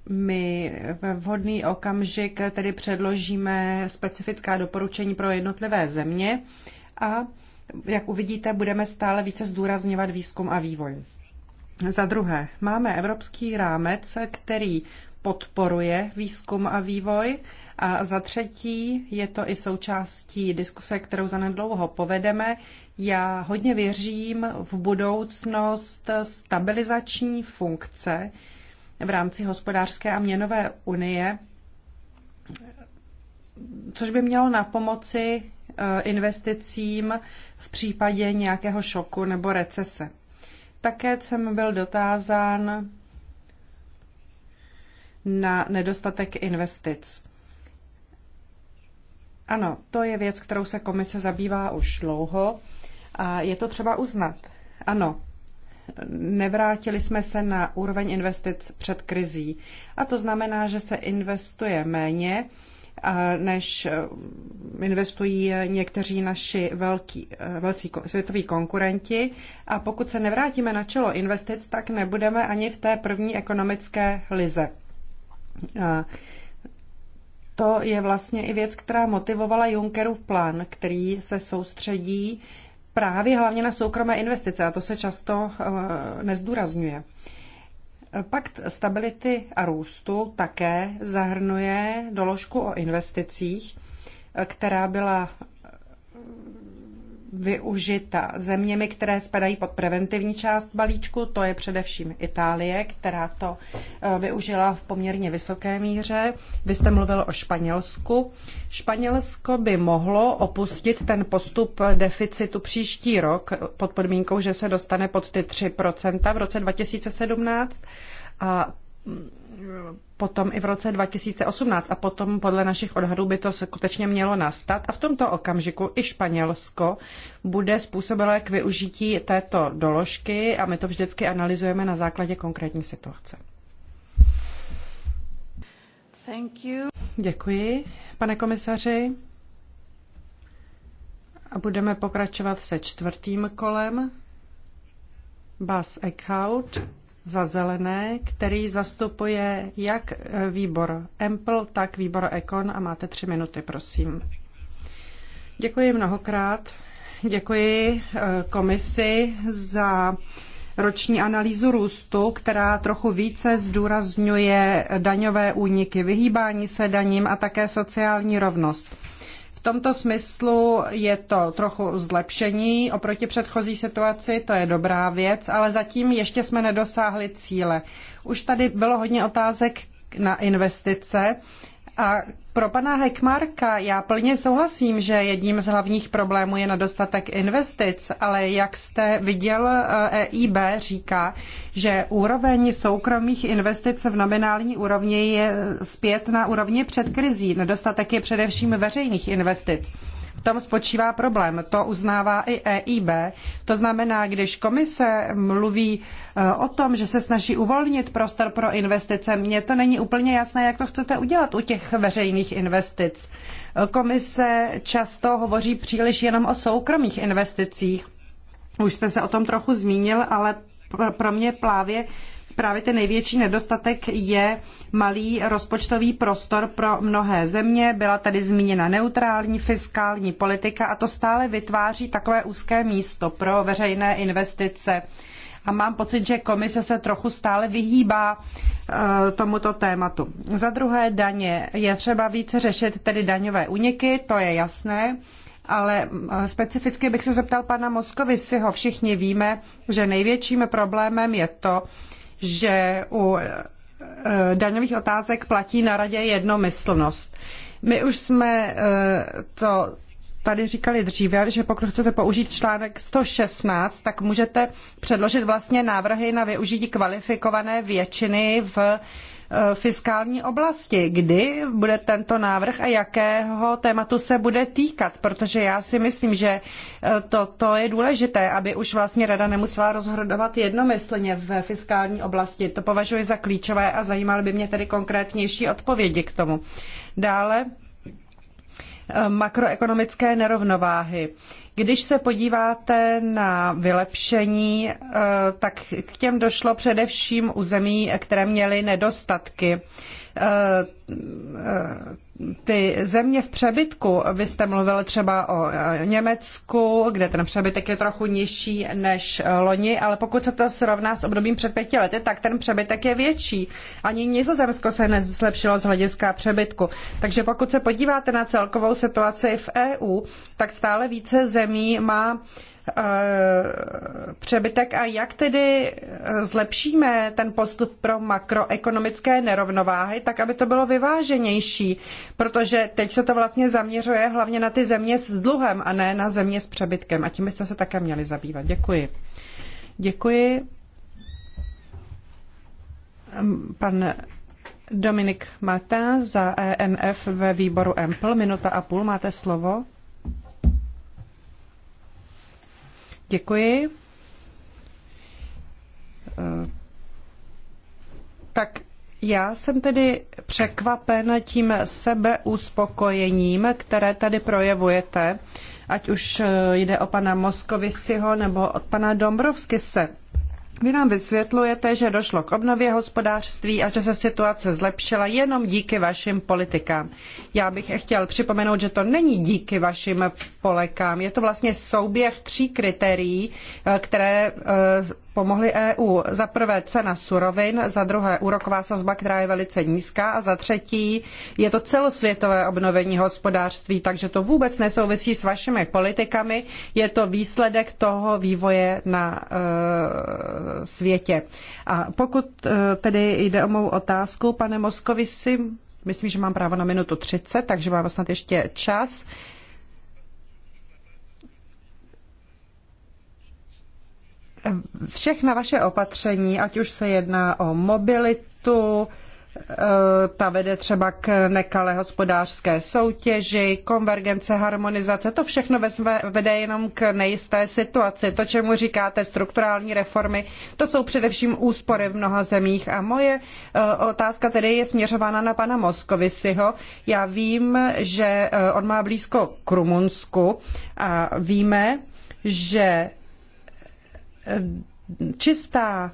my ve vhodný okamžik tedy předložíme specifická doporučení pro jednotlivé země a, jak uvidíte, budeme stále více zdůrazňovat výzkum a vývoj. Za druhé, máme evropský rámec, který podporuje výzkum a vývoj. A za třetí je to i součástí diskuse, kterou zanedlouho povedeme. Já hodně věřím v budoucnost stabilizační funkce v rámci hospodářské a měnové unie, což by mělo na pomoci eh, investicím v případě nějakého šoku nebo recese. Také jsem byl dotázán na nedostatek investic. Ano, to je věc, kterou se komise zabývá už dlouho a je to třeba uznat. Ano, nevrátili jsme se na úroveň investic před krizí. A to znamená, že se investuje méně, než eh, investují někteří naši velký, eh, velcí světoví konkurenti. A pokud se nevrátíme na čelo investic, tak nebudeme ani v té první ekonomické lize to je vlastně i věc, která motivovala Junckerův plán, který se soustředí právě hlavně na soukromé investice a to se často eh, nezdůrazňuje. Pakt stability a růstu také zahrnuje doložku o investicích, eh, která byla využita zeměmi, které spadají pod preventivní část balíčku. To je především Itálie, která to eh, využila v poměrně vysoké míře. Vy jste mluvil o Španělsku. Španělsko by mohlo opustit ten postup deficitu příští rok pod podmínkou, že se dostane pod ty 3% v roce 2017 a mm, potom i v roce 2018 a potom podle našich odhadů by to skutečně mělo nastat a v tomto okamžiku i Španělsko bude způsobilé k využití této doložky a my to vždycky analyzujeme na základě konkrétní situace. Thank you. Děkuji, pane komisaři. A budeme pokračovat se čtvrtým kolem. Bas Eckhout za zelené, který zastupuje jak e, výbor EMPL, tak výbor EKON a máte tři minuty, prosím. Děkuji mnohokrát. Děkuji e, komisi za roční analýzu růstu, která trochu více zdůrazňuje daňové úniky, vyhýbání se daním a také sociální rovnost tomto smyslu je to trochu zlepšení oproti předchozí situaci, to je dobrá věc, ale zatím ještě jsme nedosáhli cíle. Už tady bylo hodně otázek na investice a pro pana Hekmarka já plně souhlasím, že jedním z hlavních problémů je nedostatek investic, ale jak jste viděl, EIB eh, e říká, že úroveň soukromých investic v nominální úrovni je eh, zpět na úrovni před krizí. Nedostatek je především veřejných investic. V tom spočívá problém. To uznává i EIB. To znamená, když komise mluví e, o tom, že se snaží uvolnit prostor pro investice, mně to není úplně jasné, jak to chcete udělat u těch veřejných investic. Komise často hovoří příliš jenom o soukromých investicích. Už jste se o tom trochu zmínil, ale pro mě plávě právě ten největší nedostatek je malý rozpočtový prostor pro mnohé země. Byla tady zmíněna neutrální fiskální politika a to stále vytváří takové úzké místo pro veřejné investice a mám pocit, že komise se trochu stále vyhýbá eh, tomuto tématu. Za druhé daně je třeba více řešit tedy daňové úniky, to je jasné, ale eh, specificky bych se zeptal pana Moskovisiho. Všichni víme, že největším problémem je to, že u eh, daňových otázek platí na radě jednomyslnost. My už jsme eh, to tady říkali dříve, že pokud chcete použít článek 116, tak můžete předložit vlastně návrhy na využití kvalifikované většiny v Eh, fiskální oblasti. Kdy bude tento návrh a jakého tématu se bude týkat? Protože já si myslím, že eh, toto je důležité, aby už vlastně rada nemusela rozhodovat jednomyslně v fiskální oblasti. To považuji za klíčové a zajímaly by mě tedy konkrétnější odpovědi k tomu. Dále makroekonomické nerovnováhy. Když se podíváte na vylepšení, eh, tak k těm došlo především u zemí, eh, které měly nedostatky ty země v přebytku, vy jste mluvil třeba o e, Německu, kde ten přebytek je trochu nižší než e, loni, ale pokud se to srovná s obdobím před pěti lety, tak ten přebytek je větší. Ani Nizozemsko se nezlepšilo z hlediska přebytku. Takže pokud se podíváte na celkovou situaci v EU, tak stále více zemí má Eh, přebytek a jak tedy eh, zlepšíme ten postup pro makroekonomické nerovnováhy, tak aby to bylo vyváženější, protože teď se to vlastně zaměřuje hlavně na ty země s dluhem a ne na země s přebytkem a tím byste se také měli zabývat. Děkuji. Děkuji. Pan Dominik Martin za ENF ve výboru EMPL, minuta a půl, máte slovo. Děkuji. Eh, tak já jsem tedy překvapen tím sebeuspokojením, které tady projevujete, ať už eh, jde o pana Moskovisiho nebo od pana Dombrovskise. Vy nám vysvětlujete, že došlo k obnově hospodářství a že se situace zlepšila jenom díky vašim politikám. Já bych chtěl připomenout, že to není díky vašim polekám. Je to vlastně souběh tří kritérií, eh, které eh, pomohly EU. Za prvé cena surovin, za druhé úroková sazba, která je velice nízká a za třetí je to celosvětové obnovení hospodářství, takže to vůbec nesouvisí s vašimi politikami, je to výsledek toho vývoje na uh, světě. A pokud uh, tedy jde o mou otázku, pane Moskovisi, myslím, že mám právo na minutu 30, takže mám snad ještě čas. Uh, všechna vaše opatření, ať už se jedná o mobilitu, eh, ta vede třeba k nekalé hospodářské soutěži, konvergence, harmonizace, to všechno vede jenom k nejisté situaci. To, čemu říkáte strukturální reformy, to jsou především úspory v mnoha zemích. A moje eh, otázka tedy je směřována na pana Moskovisiho. Já vím, že eh, on má blízko k Rumunsku a víme, že čistá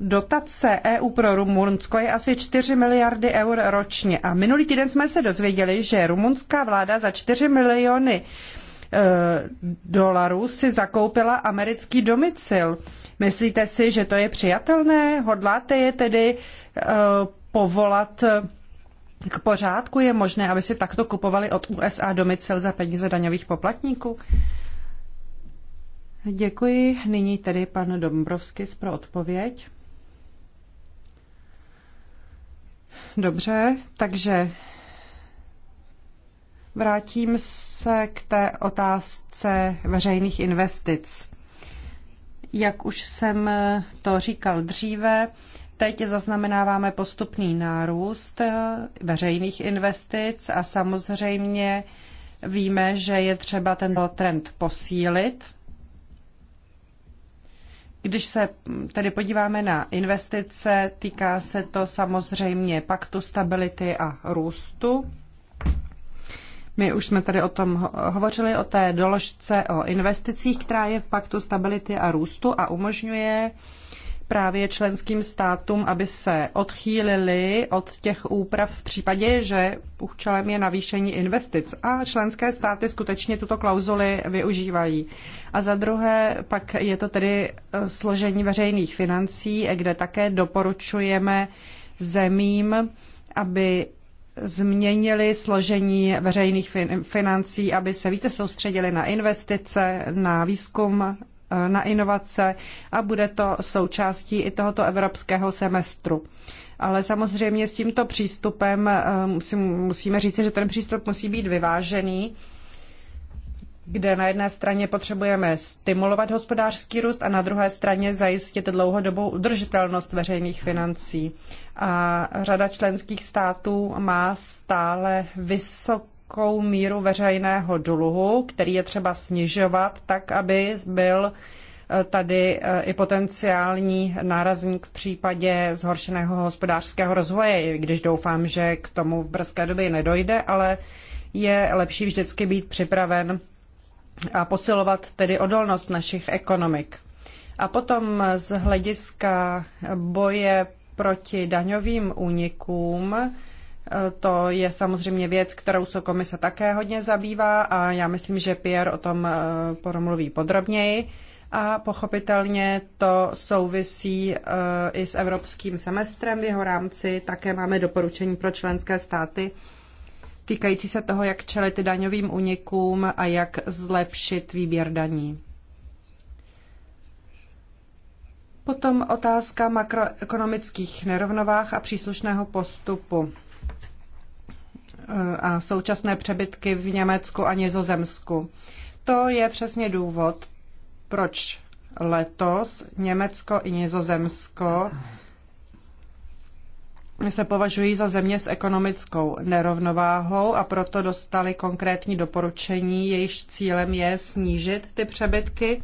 dotace EU pro Rumunsko je asi 4 miliardy eur ročně. A minulý týden jsme se dozvěděli, že rumunská vláda za 4 miliony e, dolarů si zakoupila americký domicil. Myslíte si, že to je přijatelné? Hodláte je tedy e, povolat k pořádku? Je možné, aby si takto kupovali od USA domicil za peníze daňových poplatníků? Děkuji. Nyní tedy pan Dombrovský pro odpověď. Dobře, takže vrátím se k té otázce veřejných investic. Jak už jsem to říkal dříve, teď zaznamenáváme postupný nárůst veřejných investic a samozřejmě víme, že je třeba tento trend posílit když se tedy podíváme na investice, týká se to samozřejmě paktu stability a růstu. My už jsme tady o tom hovořili, o té doložce o investicích, která je v paktu stability a růstu a umožňuje uh, právě členským státům, aby se odchýlili od těch úprav v případě, že účelem je navýšení investic. A členské státy skutečně tuto klauzuli využívají. A za druhé pak je to tedy eh, složení veřejných financí, kde také doporučujeme zemím, aby změnili složení veřejných financí, aby se více soustředili na investice, na výzkum Eh, na inovace a bude to součástí i tohoto evropského semestru. Ale samozřejmě s tímto přístupem eh, musíme říct, že ten přístup musí být vyvážený, kde na jedné straně potřebujeme stimulovat hospodářský růst a na druhé straně zajistit dlouhodobou udržitelnost veřejných financí. A řada členských států má stále vysokou nějakou míru veřejného dluhu, který je třeba snižovat tak, aby byl eh, tady eh, i potenciální nárazník v případě zhoršeného hospodářského rozvoje, když doufám, že k tomu v brzké době nedojde, ale je lepší vždycky být připraven a posilovat tedy odolnost našich ekonomik. A potom z hlediska boje proti daňovým únikům, to je samozřejmě věc, kterou se komise také hodně zabývá a já myslím, že Pierre o tom eh, promluví podrobněji. A pochopitelně to souvisí eh, i s evropským semestrem. V jeho rámci také máme doporučení pro členské státy týkající se toho, jak čelit daňovým unikům a jak zlepšit výběr daní. Potom otázka makroekonomických nerovnovách a příslušného postupu. Eh, a současné přebytky v Německu a Nizozemsku. To je přesně důvod, proč letos Německo i Nizozemsko se považují za země s ekonomickou nerovnováhou a proto dostali konkrétní doporučení, jejichž cílem je snížit ty přebytky.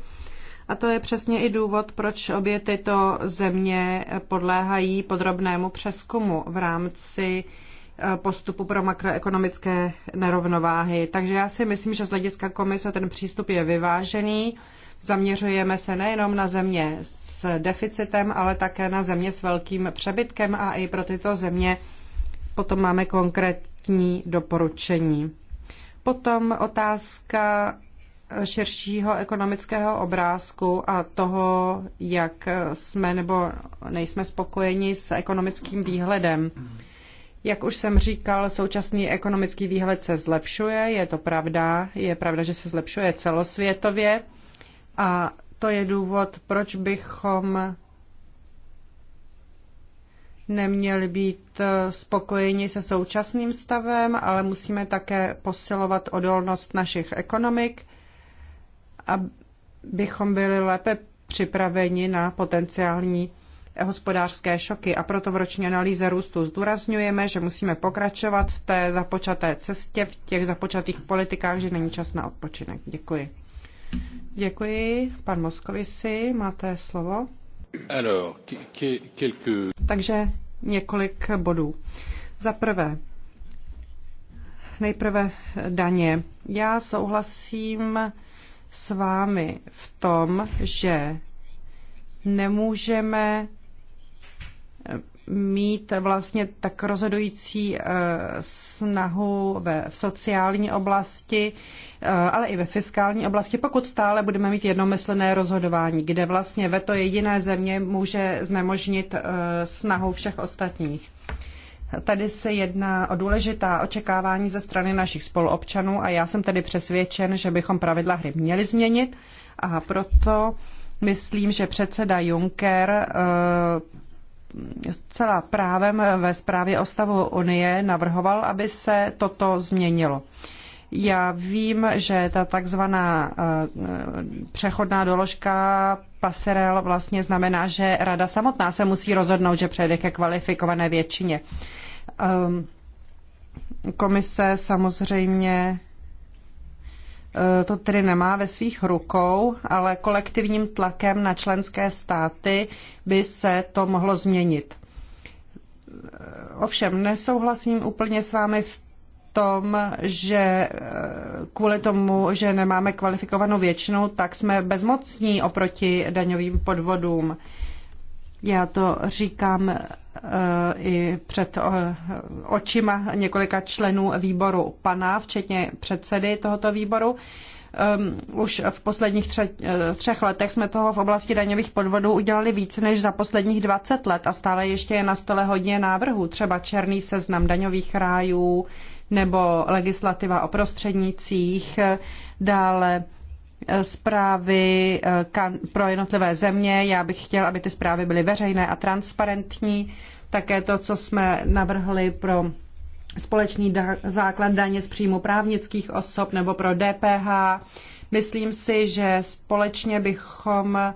A to je přesně i důvod, proč obě tyto země podléhají podrobnému přeskumu v rámci postupu pro makroekonomické nerovnováhy. Takže já si myslím, že z hlediska komise ten přístup je vyvážený. Zaměřujeme se nejenom na země s deficitem, ale také na země s velkým přebytkem a i pro tyto země potom máme konkrétní doporučení. Potom otázka širšího ekonomického obrázku a toho, jak jsme nebo nejsme spokojeni s ekonomickým výhledem. Jak už jsem říkal, současný ekonomický výhled se zlepšuje, je to pravda, je pravda, že se zlepšuje celosvětově a to je důvod, proč bychom neměli být spokojeni se současným stavem, ale musíme také posilovat odolnost našich ekonomik, abychom byli lépe připraveni na potenciální hospodářské šoky a proto v roční analýze růstu zdůrazňujeme, že musíme pokračovat v té započaté cestě, v těch započatých politikách, že není čas na odpočinek. Děkuji. Děkuji. Pan Moskovisi, máte slovo. Alors, Takže několik bodů. Za prvé, nejprve daně. Já souhlasím s vámi v tom, že nemůžeme mít vlastně tak rozhodující eh, snahu v sociální oblasti, eh, ale i ve fiskální oblasti, pokud stále budeme mít jednomyslné rozhodování, kde vlastně ve to jediné země může znemožnit eh, snahu všech ostatních. Tady se jedná o důležitá očekávání ze strany našich spoluobčanů a já jsem tedy přesvědčen, že bychom pravidla hry měli změnit a proto myslím, že předseda Juncker zcela právem ve zprávě o stavu Unie navrhoval, aby se toto změnilo. Já vím, že ta takzvaná eh, přechodná doložka paserel vlastně znamená, že rada samotná se musí rozhodnout, že přejde ke kvalifikované většině. Ehm, komise samozřejmě Eh, to tedy nemá ve svých rukou, ale kolektivním tlakem na členské státy by se to mohlo změnit. Eh, ovšem nesouhlasím úplně s vámi v tom, že eh, kvůli tomu, že nemáme kvalifikovanou většinu, tak jsme bezmocní oproti daňovým podvodům. Já to říkám Eh, i před eh, očima několika členů výboru PANA, včetně předsedy tohoto výboru. už v posledních eh, třech letech jsme toho v oblasti daňových podvodů udělali více než za posledních 20 let a stále ještě je na stole hodně návrhů, třeba černý seznam daňových rájů nebo legislativa o prostřednicích, dále zprávy pro jednotlivé země. Já bych chtěl, aby ty zprávy byly veřejné a transparentní také to, co jsme navrhli pro společný da- základ daně z příjmu právnických osob nebo pro DPH. Myslím si, že společně bychom eh,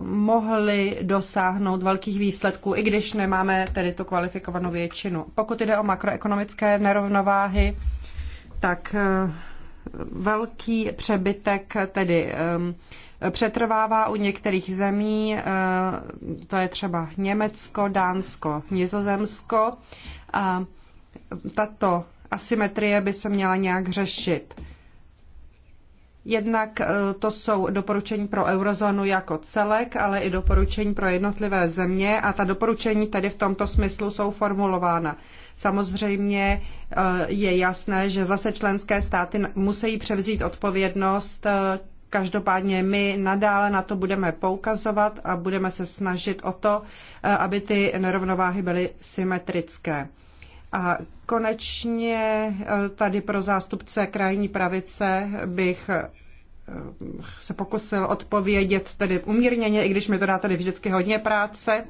mohli dosáhnout velkých výsledků, i když nemáme tedy tu kvalifikovanou většinu. Pokud jde o makroekonomické nerovnováhy, tak eh, velký přebytek tedy ehm, přetrvává u některých zemí, eh, to je třeba Německo, Dánsko, Nizozemsko. A tato asymetrie by se měla nějak řešit. Jednak eh, to jsou doporučení pro eurozónu jako celek, ale i doporučení pro jednotlivé země a ta doporučení tady v tomto smyslu jsou formulována. Samozřejmě eh, je jasné, že zase členské státy musí převzít odpovědnost Každopádně my nadále na to budeme poukazovat a budeme se snažit o to, eh, aby ty nerovnováhy byly symetrické. A konečně eh, tady pro zástupce krajní pravice bych eh, se pokusil odpovědět tedy umírněně, i když mi to dá tady vždycky hodně práce.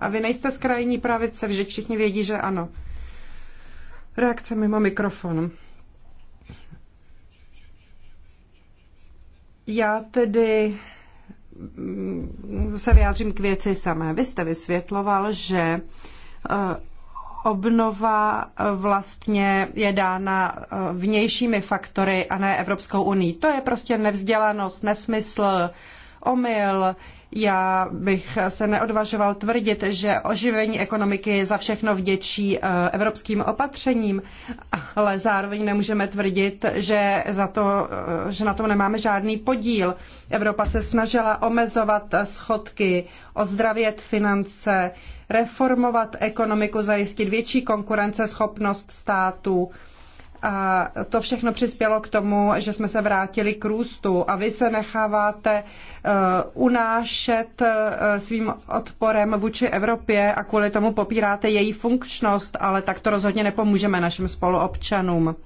A vy nejste z krajní pravice, vždyť všichni vědí, že ano. Reakce mimo mikrofon. Já tedy mm, se vyjádřím k věci samé. Vy jste vysvětloval, že eh, obnova eh, vlastně je dána eh, vnějšími faktory a ne Evropskou unii. To je prostě nevzdělanost, nesmysl, omyl. Já bych se neodvažoval tvrdit, že oživení ekonomiky za všechno vděčí eh, evropským opatřením, ale zároveň nemůžeme tvrdit, že, za to, eh, že na tom nemáme žádný podíl. Evropa se snažila omezovat schodky, ozdravět finance, reformovat ekonomiku, zajistit větší konkurenceschopnost států a to všechno přispělo k tomu, že jsme se vrátili k růstu a vy se necháváte uh, unášet uh, svým odporem vůči Evropě a kvůli tomu popíráte její funkčnost, ale tak to rozhodně nepomůžeme našim spoluobčanům.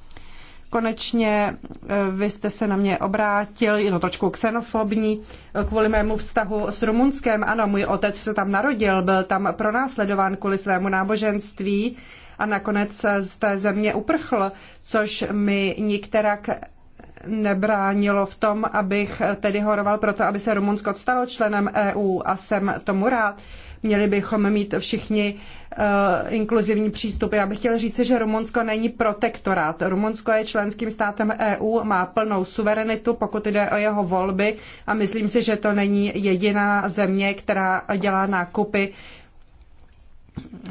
Konečně e, vy jste se na mě obrátil, je to trošku xenofobní, e, kvůli mému vztahu s Rumunskem. Ano, můj otec se tam narodil, byl tam pronásledován kvůli svému náboženství a nakonec z té země uprchl, což mi nikterak nebránilo v tom, abych tedy horoval proto, aby se Rumunsko stalo členem EU a jsem tomu rád. Měli bychom mít všichni eh, inkluzivní přístupy. Já bych chtěl říci, že Rumunsko není protektorát. Rumunsko je členským státem EU, má plnou suverenitu, pokud jde o jeho volby a myslím si, že to není jediná země, která dělá nákupy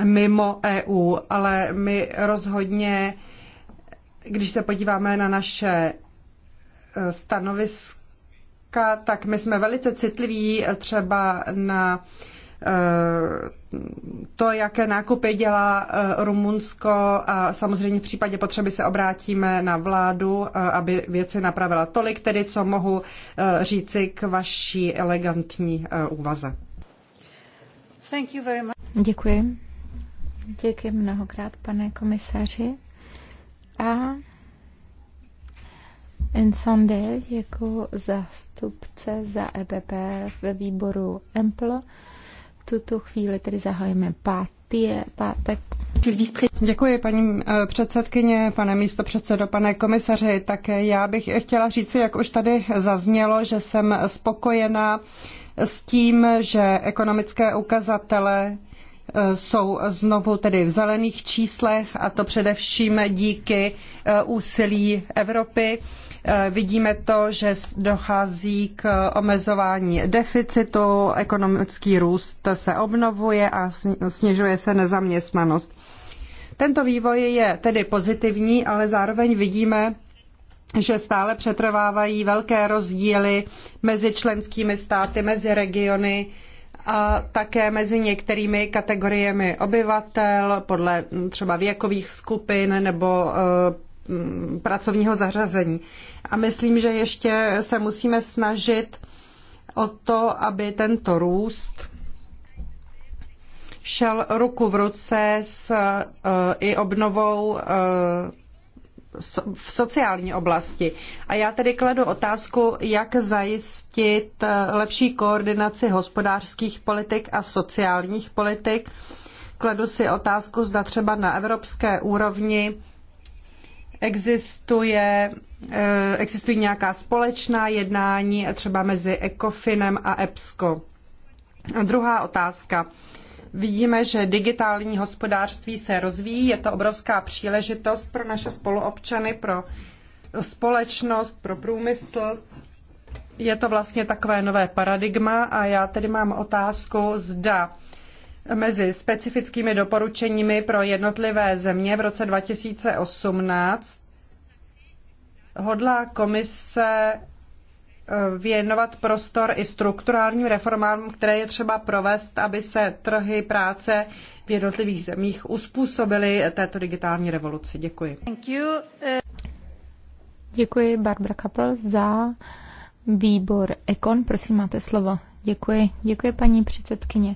mimo EU, ale my rozhodně, když se podíváme na naše eh, stanoviska, tak my jsme velice citliví eh, třeba na Eh, to, jaké nákupy dělá eh, Rumunsko a samozřejmě v případě potřeby se obrátíme na vládu, eh, aby věci napravila tolik, tedy co mohu říci k vaší elegantní úvaze. Thank you very much. Děkuji. Děkuji mnohokrát, pane komisaři. A Ensonde jako zástupce za EPP e ve výboru EMPL tuto chvíli tedy zahajeme páté, pátek. Děkuji, paní eh, předsedkyně, pane místopředsedo, pane komisaři. Tak já bych chtěla říci, jak už tady zaznělo, že jsem spokojená s tím, že ekonomické ukazatele eh, jsou znovu tedy v zelených číslech a to především díky eh, úsilí Evropy Eh, vidíme to, že dochází k omezování deficitu, ekonomický růst se obnovuje a snižuje se nezaměstnanost. Tento vývoj je tedy pozitivní, ale zároveň vidíme, že stále přetrvávají velké rozdíly mezi členskými státy, mezi regiony a také mezi některými kategoriemi obyvatel, podle třeba věkových skupin nebo eh, Mm, pracovního zařazení. A myslím, že ještě se musíme snažit o to, aby tento růst šel ruku v ruce s uh, i obnovou uh, so, v sociální oblasti. A já tedy kladu otázku, jak zajistit uh, lepší koordinaci hospodářských politik a sociálních politik. Kladu si otázku, zda třeba na evropské úrovni existuje, eh, existují nějaká společná jednání třeba mezi ECOFINem a EPSCO. A druhá otázka. Vidíme, že digitální hospodářství se rozvíjí, je to obrovská příležitost pro naše spoluobčany, pro společnost, pro průmysl. Je to vlastně takové nové paradigma a já tedy mám otázku, zda uh, mezi specifickými doporučeními pro jednotlivé země v roce 2018 hodlá komise eh, věnovat prostor i strukturálním reformám, které je třeba provést, aby se trhy práce v jednotlivých zemích uspůsobily této digitální revoluci. Děkuji. Eh, Děkuji Barbara Kapel za výbor Ekon. Prosím, máte slovo. Děkuji. Děkuji paní předsedkyně.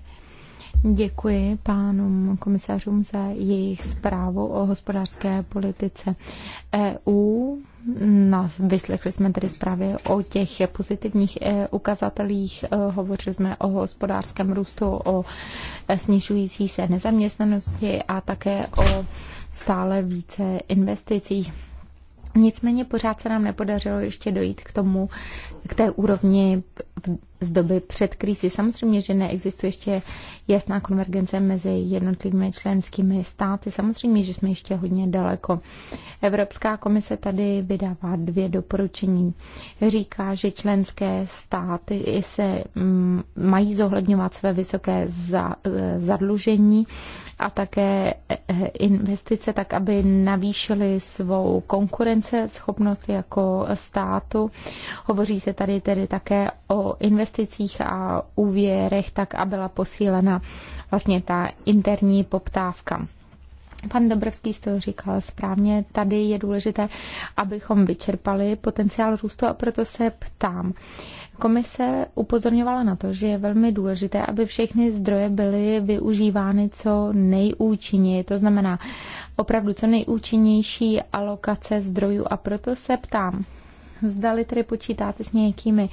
Děkuji pánům komisařům za jejich zprávu o hospodářské politice EU. No, vyslechli jsme tedy zprávy o těch pozitivních e ukazatelích, e, hovořili jsme o hospodářském růstu, o snižující se nezaměstnanosti a také o stále více investicích. Nicméně pořád se nám nepodařilo ještě dojít k tomu, k té úrovni z doby před krizi. Samozřejmě, že neexistuje ještě jasná konvergence mezi jednotlivými členskými státy. Samozřejmě, že jsme ještě hodně daleko. Evropská komise tady vydává dvě doporučení. Říká, že členské státy se mm, mají zohledňovat své vysoké eh, zadlužení a také eh, eh, investice, tak aby navýšili svou konkurenceschopnost jako státu. Hovoří se tady tedy také o investicích a úvěrech, tak aby byla posílena vlastně ta interní poptávka. Pan Dobrovský z toho říkal správně, tady je důležité, abychom vyčerpali potenciál růstu a proto se ptám. Komise upozorňovala na to, že je velmi důležité, aby všechny zdroje byly využívány co nejúčinněji, to znamená opravdu co nejúčinnější alokace zdrojů. A proto se ptám, zdali tedy počítáte s nějakými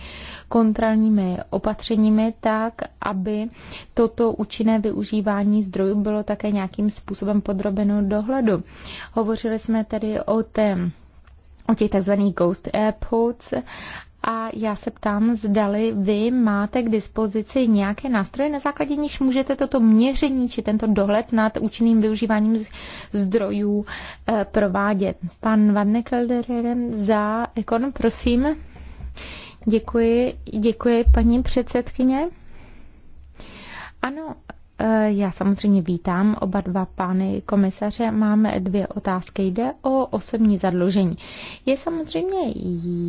kontrolními opatřeními tak, aby toto účinné využívání zdrojů bylo také nějakým způsobem podrobeno dohledu. Hovořili jsme tedy o té o těch tzv. ghost airports a já se ptám, zdali vy máte k dispozici nějaké nástroje, na základě níž můžete toto měření či tento dohled nad účinným využíváním zdrojů eh, provádět. Pan Van Nekelder za Ekon, prosím. Děkuji, děkuji paní předsedkyně. Ano, Eh, já samozřejmě vítám oba dva pány komisaře. Mám dvě otázky. Jde o osobní zadlužení. Je samozřejmě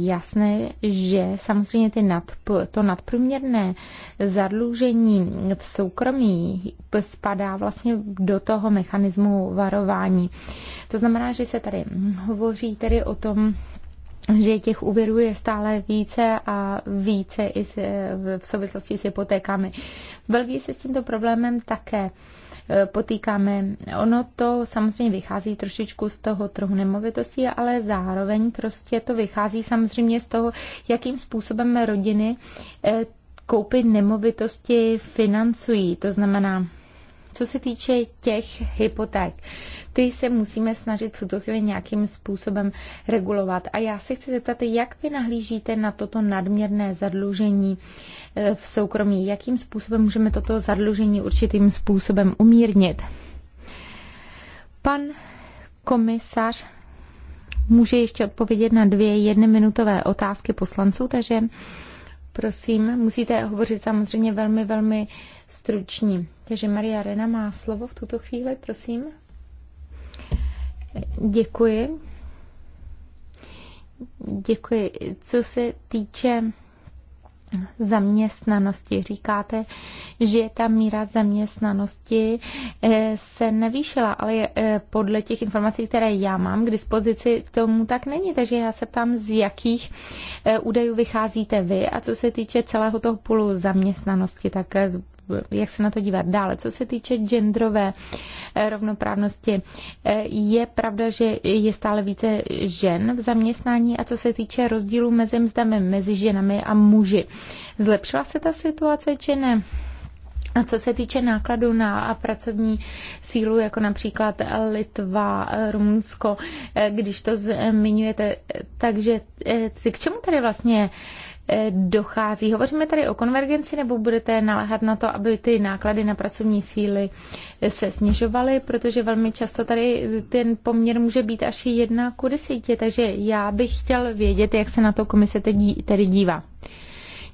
jasné, že samozřejmě ty nadp, to nadprůměrné zadlužení v soukromí spadá vlastně do toho mechanismu varování. To znamená, že se tady hovoří tedy o tom, že těch úvěrů je stále více a více i eh, v souvislosti s hypotékami. V Belgii se s tímto problémem také eh, potýkáme. Ono to samozřejmě vychází trošičku z toho trhu nemovitostí, ale zároveň prostě to vychází samozřejmě z toho, jakým způsobem rodiny eh, koupit nemovitosti financují. To znamená, co se týče těch hypoték, ty se musíme snažit v tuto chvíli nějakým způsobem regulovat. A já se chci zeptat, jak vy nahlížíte na toto nadměrné zadlužení eh, v soukromí? Jakým způsobem můžeme toto zadlužení určitým způsobem umírnit? Pan komisař může ještě odpovědět na dvě jednominutové otázky poslanců, takže Prosím, musíte hovořit samozřejmě velmi, velmi stručně. Takže Maria Rena má slovo v tuto chvíli, prosím. Děkuji. Děkuji. Co se týče zaměstnanosti. Říkáte, že ta míra zaměstnanosti eh, se nevýšila, ale eh, podle těch informací, které já mám k dispozici, tomu tak není. Takže já se ptám, z jakých eh, údajů vycházíte vy a co se týče celého toho půlu zaměstnanosti, tak jak se na to dívat dále. Co se týče genderové eh, rovnoprávnosti, eh, je pravda, že je stále více žen v zaměstnání a co se týče rozdílu mezi mzdami, mezi ženami a muži. Zlepšila se ta situace či ne? A co se týče nákladů na pracovní sílu, jako například Litva, eh, Rumunsko, když to zmiňujete, takže k čemu tady vlastně Eh, dochází. Hovoříme tady o konvergenci, nebo budete naléhat na to, aby ty náklady na pracovní síly eh, se snižovaly, protože velmi často tady ten poměr může být až jedna ku desíti, takže já bych chtěl vědět, jak se na to komise tedy dívá.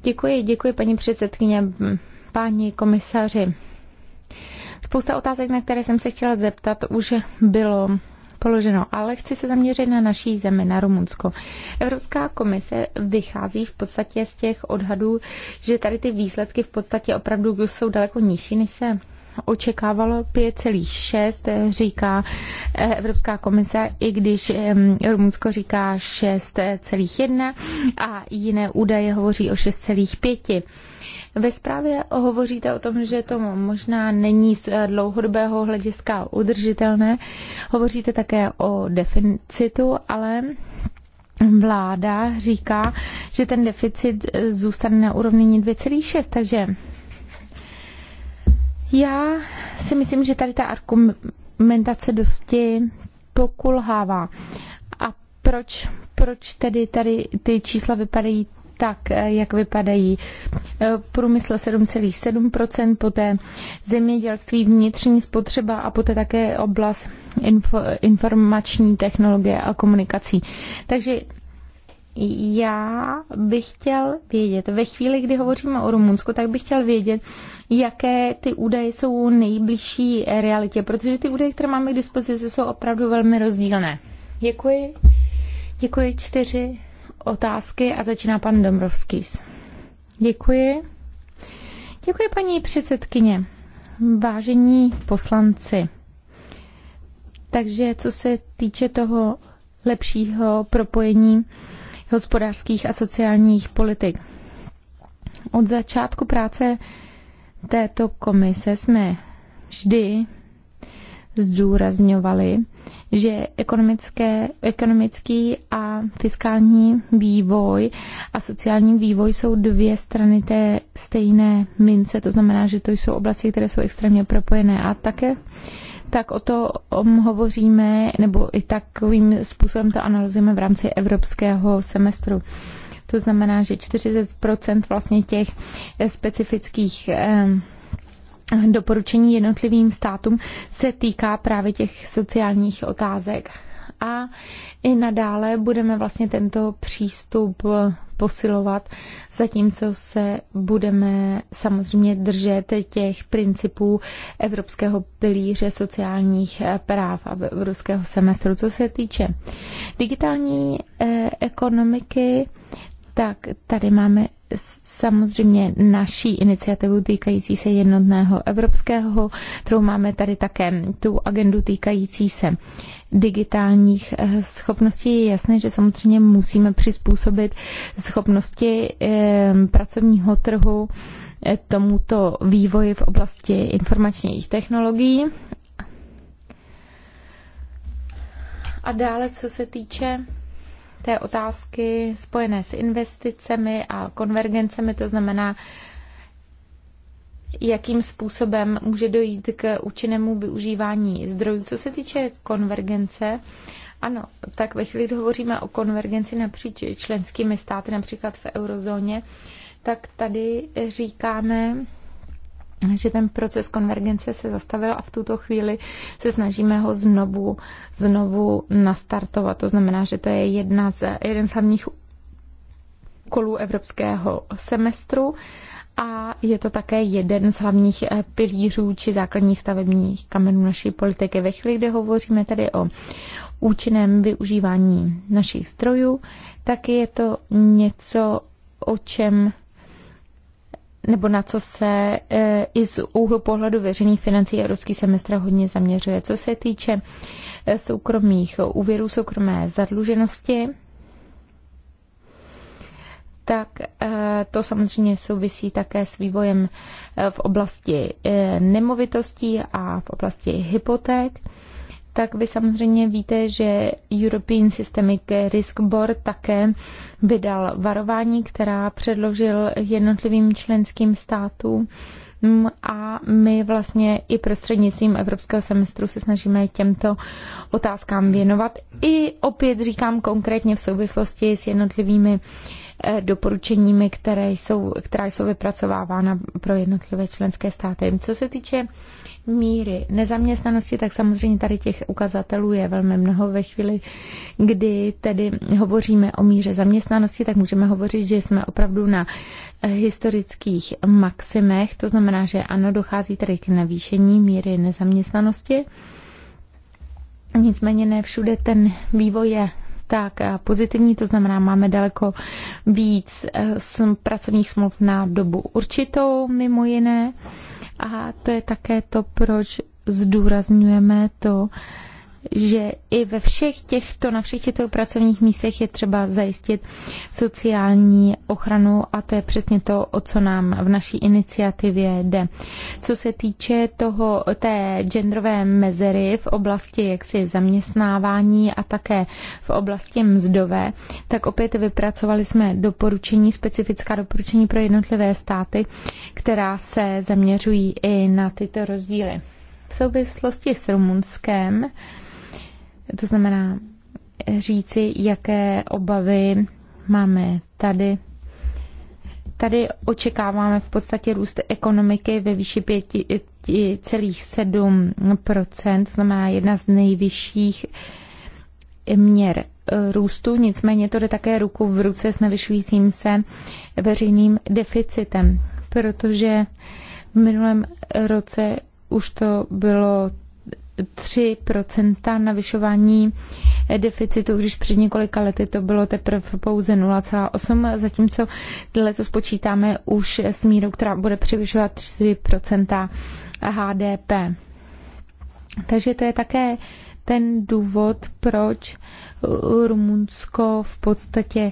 Děkuji, děkuji paní předsedkyně, páni komisaři. Spousta otázek, na které jsem se chtěla zeptat, už bylo položeno. Ale chci se zaměřit na naší zemi, na Rumunsko. Evropská komise vychází v podstatě z těch odhadů, že tady ty výsledky v podstatě opravdu jsou daleko nižší, než se očekávalo 5,6, eh, říká eh, Evropská komise, i když Rumunsko říká 6,1 a jiné údaje hovoří o 6,5. Ve zprávě hovoříte o tom, že to možná není z eh, dlouhodobého hlediska udržitelné. Hovoříte také o deficitu, ale vláda říká, že ten deficit eh, zůstane na úrovni 2,6, takže já si myslím, že tady ta argumentace dosti pokulhává. A proč, proč tedy tady ty čísla vypadají tak, eh, jak vypadají. Eh, průmysl 7,7%, poté zemědělství, vnitřní spotřeba a poté také oblast info, informační technologie a komunikací. Takže já bych chtěl vědět, ve chvíli, kdy hovoříme o Rumunsku, tak bych chtěl vědět, jaké ty údaje jsou nejbližší realitě, protože ty údaje, které máme k dispozici, jsou opravdu velmi rozdílné. Děkuji. Děkuji čtyři otázky a začíná pan Dombrovský. Děkuji. Děkuji, paní předsedkyně. Vážení poslanci. Takže co se týče toho lepšího propojení hospodářských a sociálních politik. Od začátku práce této komise jsme vždy zdůrazňovali, že ekonomické, ekonomický a fiskální vývoj a sociální vývoj jsou dvě strany té stejné mince. To znamená, že to jsou oblasti, které jsou extrémně propojené. A také tak o to hovoříme, nebo i takovým způsobem to analyzujeme v rámci evropského semestru. To znamená, že 40 vlastně těch specifických eh, doporučení jednotlivým státům se týká právě těch sociálních otázek. A i nadále budeme vlastně tento přístup posilovat, zatímco se budeme samozřejmě držet těch principů Evropského pilíře sociálních práv a Evropského semestru. Co se týče digitální eh, ekonomiky, tak tady máme samozřejmě naší iniciativu týkající se jednotného evropského, kterou máme tady také tu agendu týkající se digitálních eh, schopností. Je jasné, že samozřejmě musíme přizpůsobit schopnosti eh, pracovního trhu eh, tomuto vývoji v oblasti informačních technologií. A dále, co se týče té otázky spojené s investicemi a konvergencemi, to znamená, jakým způsobem může dojít k účinnému využívání zdrojů. Co se týče konvergence, ano, tak ve chvíli, kdy hovoříme o konvergenci napříč členskými státy, například v eurozóně, tak tady říkáme, že ten proces konvergence se zastavil a v tuto chvíli se snažíme ho znovu, znovu nastartovat. To znamená, že to je jedna z, jeden z hlavních kolů evropského semestru a je to také jeden z hlavních eh, pilířů či základních stavebních kamenů naší politiky. Ve chvíli, kdy hovoříme tedy o účinném využívání našich strojů, tak je to něco, o čem nebo na co se e, i z úhlu pohledu veřejných financí Evropský semestr hodně zaměřuje. Co se týče e, soukromých úvěrů, soukromé zadluženosti, tak e, to samozřejmě souvisí také s vývojem v oblasti nemovitostí a v oblasti hypoték tak vy samozřejmě víte, že European Systemic Risk Board také vydal varování, která předložil jednotlivým členským státům mm, a my vlastně i prostřednictvím evropského semestru se snažíme těmto otázkám věnovat. I opět říkám konkrétně v souvislosti s jednotlivými Eh, doporučeními, které jsou, která jsou vypracovávána pro jednotlivé členské státy. Co se týče míry nezaměstnanosti, tak samozřejmě tady těch ukazatelů je velmi mnoho. Ve chvíli, kdy tedy hovoříme o míře zaměstnanosti, tak můžeme hovořit, že jsme opravdu na eh, historických maximech. To znamená, že ano, dochází tedy k navýšení míry nezaměstnanosti. Nicméně ne všude ten vývoj je tak eh, pozitivní, to znamená, máme daleko víc eh, pracovních smluv na dobu určitou, mimo jiné. A to je také to, proč zdůrazňujeme to, že i ve všech těchto, na všech těchto pracovních místech je třeba zajistit sociální ochranu a to je přesně to, o co nám v naší iniciativě jde. Co se týče toho, té genderové mezery v oblasti jaksi zaměstnávání a také v oblasti mzdové, tak opět vypracovali jsme doporučení, specifická doporučení pro jednotlivé státy, která se zaměřují i na tyto rozdíly. V souvislosti s Rumunskem to znamená říci, jaké obavy máme tady. Tady očekáváme v podstatě růst ekonomiky ve výši 5,7%, to znamená jedna z nejvyšších měr růstu, nicméně to jde také ruku v ruce s navyšujícím se veřejným deficitem, protože v minulém roce už to bylo 3% navyšování deficitu, když před několika lety to bylo teprve pouze 0,8, zatímco letos spočítáme už s mírou, která bude převyšovat 4% HDP. Takže to je také ten důvod, proč Rumunsko v podstatě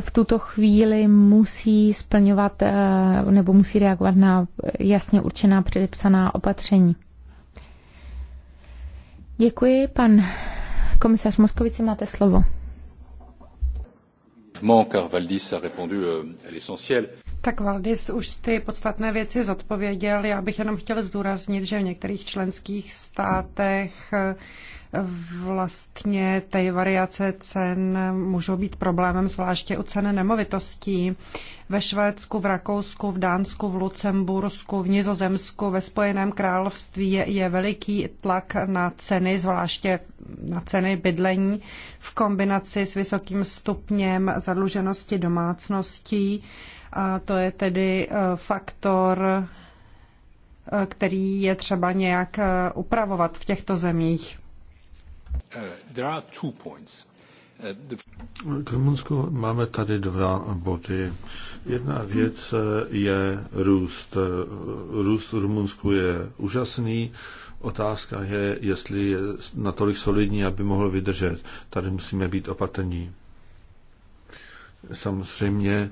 v tuto chvíli musí splňovat eh, nebo musí reagovat na jasně určená předepsaná opatření. Děkuji, pan komisař Moskovici, máte slovo. Euh, tak Valdis už ty podstatné věci zodpověděl. Já bych jenom chtěl zdůraznit, že v některých členských státech vlastně ty variace cen můžou být problémem, zvláště u ceny nemovitostí. Ve Švédsku, v Rakousku, v Dánsku, v Lucembursku, v Nizozemsku, ve Spojeném království je, je veliký tlak na ceny, zvláště na ceny bydlení v kombinaci s vysokým stupněm zadluženosti domácností. A to je tedy e, faktor, e, který je třeba nějak e, upravovat v těchto zemích. Uh, uh, K Rumunsku máme tady dva body. Jedna věc je růst. Růst v Rumunsku je úžasný. Otázka je, jestli je natolik solidní, aby mohl vydržet. Tady musíme být opatrní. Samozřejmě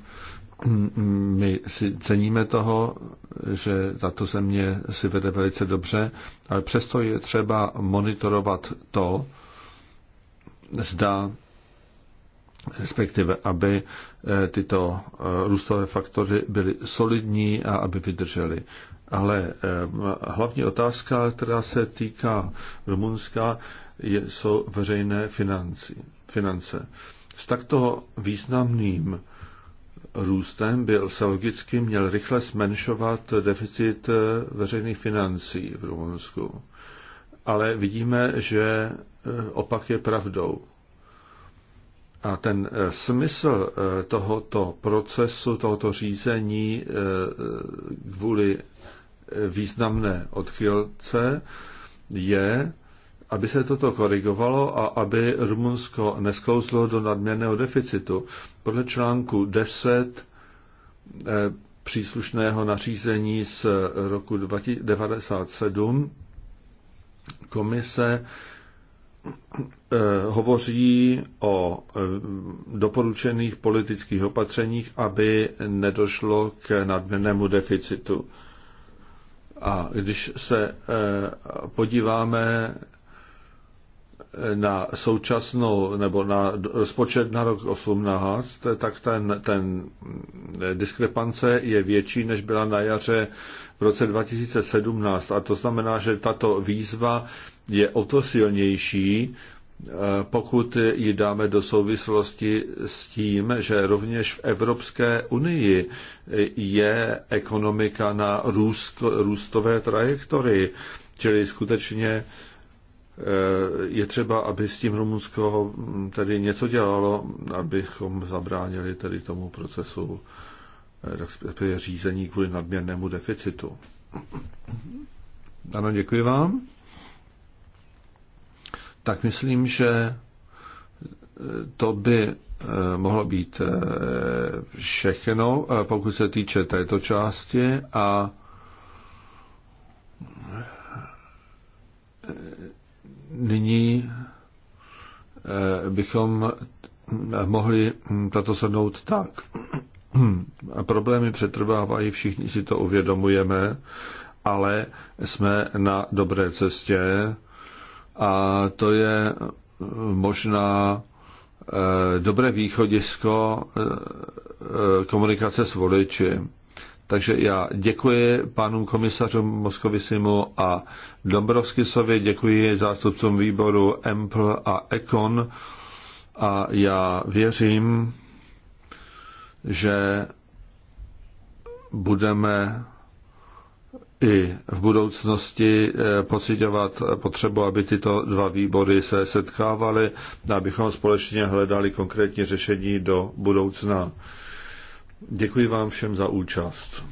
my si ceníme toho, že tato země si vede velice dobře, ale přesto je třeba monitorovat to, zda respektive aby e, tyto e, růstové faktory byly solidní a aby vydržely. Ale e, hlavní otázka, která se týká Rumunska, jsou veřejné financí, finance. S takto významným růstem byl se logicky měl rychle zmenšovat deficit eh, veřejných financí v Rumunsku. Ale vidíme, že eh, opak je pravdou. A ten eh, smysl tohoto procesu, tohoto řízení kvůli významné odchylce je, aby se toto korigovalo a aby Rumunsko nesklouzlo do nadměrného deficitu. Podle článku 10 eh, příslušného nařízení z roku 1997 komise eh, hovoří o eh, doporučených politických opatřeních, aby nedošlo k nadměrnému deficitu. A když se podíváme na současnou nebo na rozpočet na rok 18, tak ten, ten diskrepance je větší, než byla na jaře v roce 2017. A to znamená, že tato výzva je o to silnější, eh, pokud ji dáme do souvislosti s tím, že rovněž v Evropské unii je ekonomika na růst, růstové trajektorii, čili skutečně Eh, je třeba, aby s tím Rumunsko tedy něco dělalo, abychom zabránili tedy tomu procesu eh, respektive řízení kvůli nadměrnému deficitu. Ano, děkuji vám. Tak myslím, že eh, to by mohlo být všechno, pokud se týče této části a nyní eh, bychom mohli tato sednout tak. A problémy přetrvávají, všichni si to uvědomujeme, ale jsme na dobré cestě a to je možná eh, dobré východisko eh, komunikace s voliči. Takže já děkuji panu komisařům Moskovisimu a Dombrovskisovi, děkuji zástupcům výboru EMPL a ECON a já věřím, že budeme i v budoucnosti eh, pocitovat potřebu, aby tyto dva výbory se setkávaly, abychom společně hledali konkrétní řešení do budoucna. Děkuji vám všem za účast.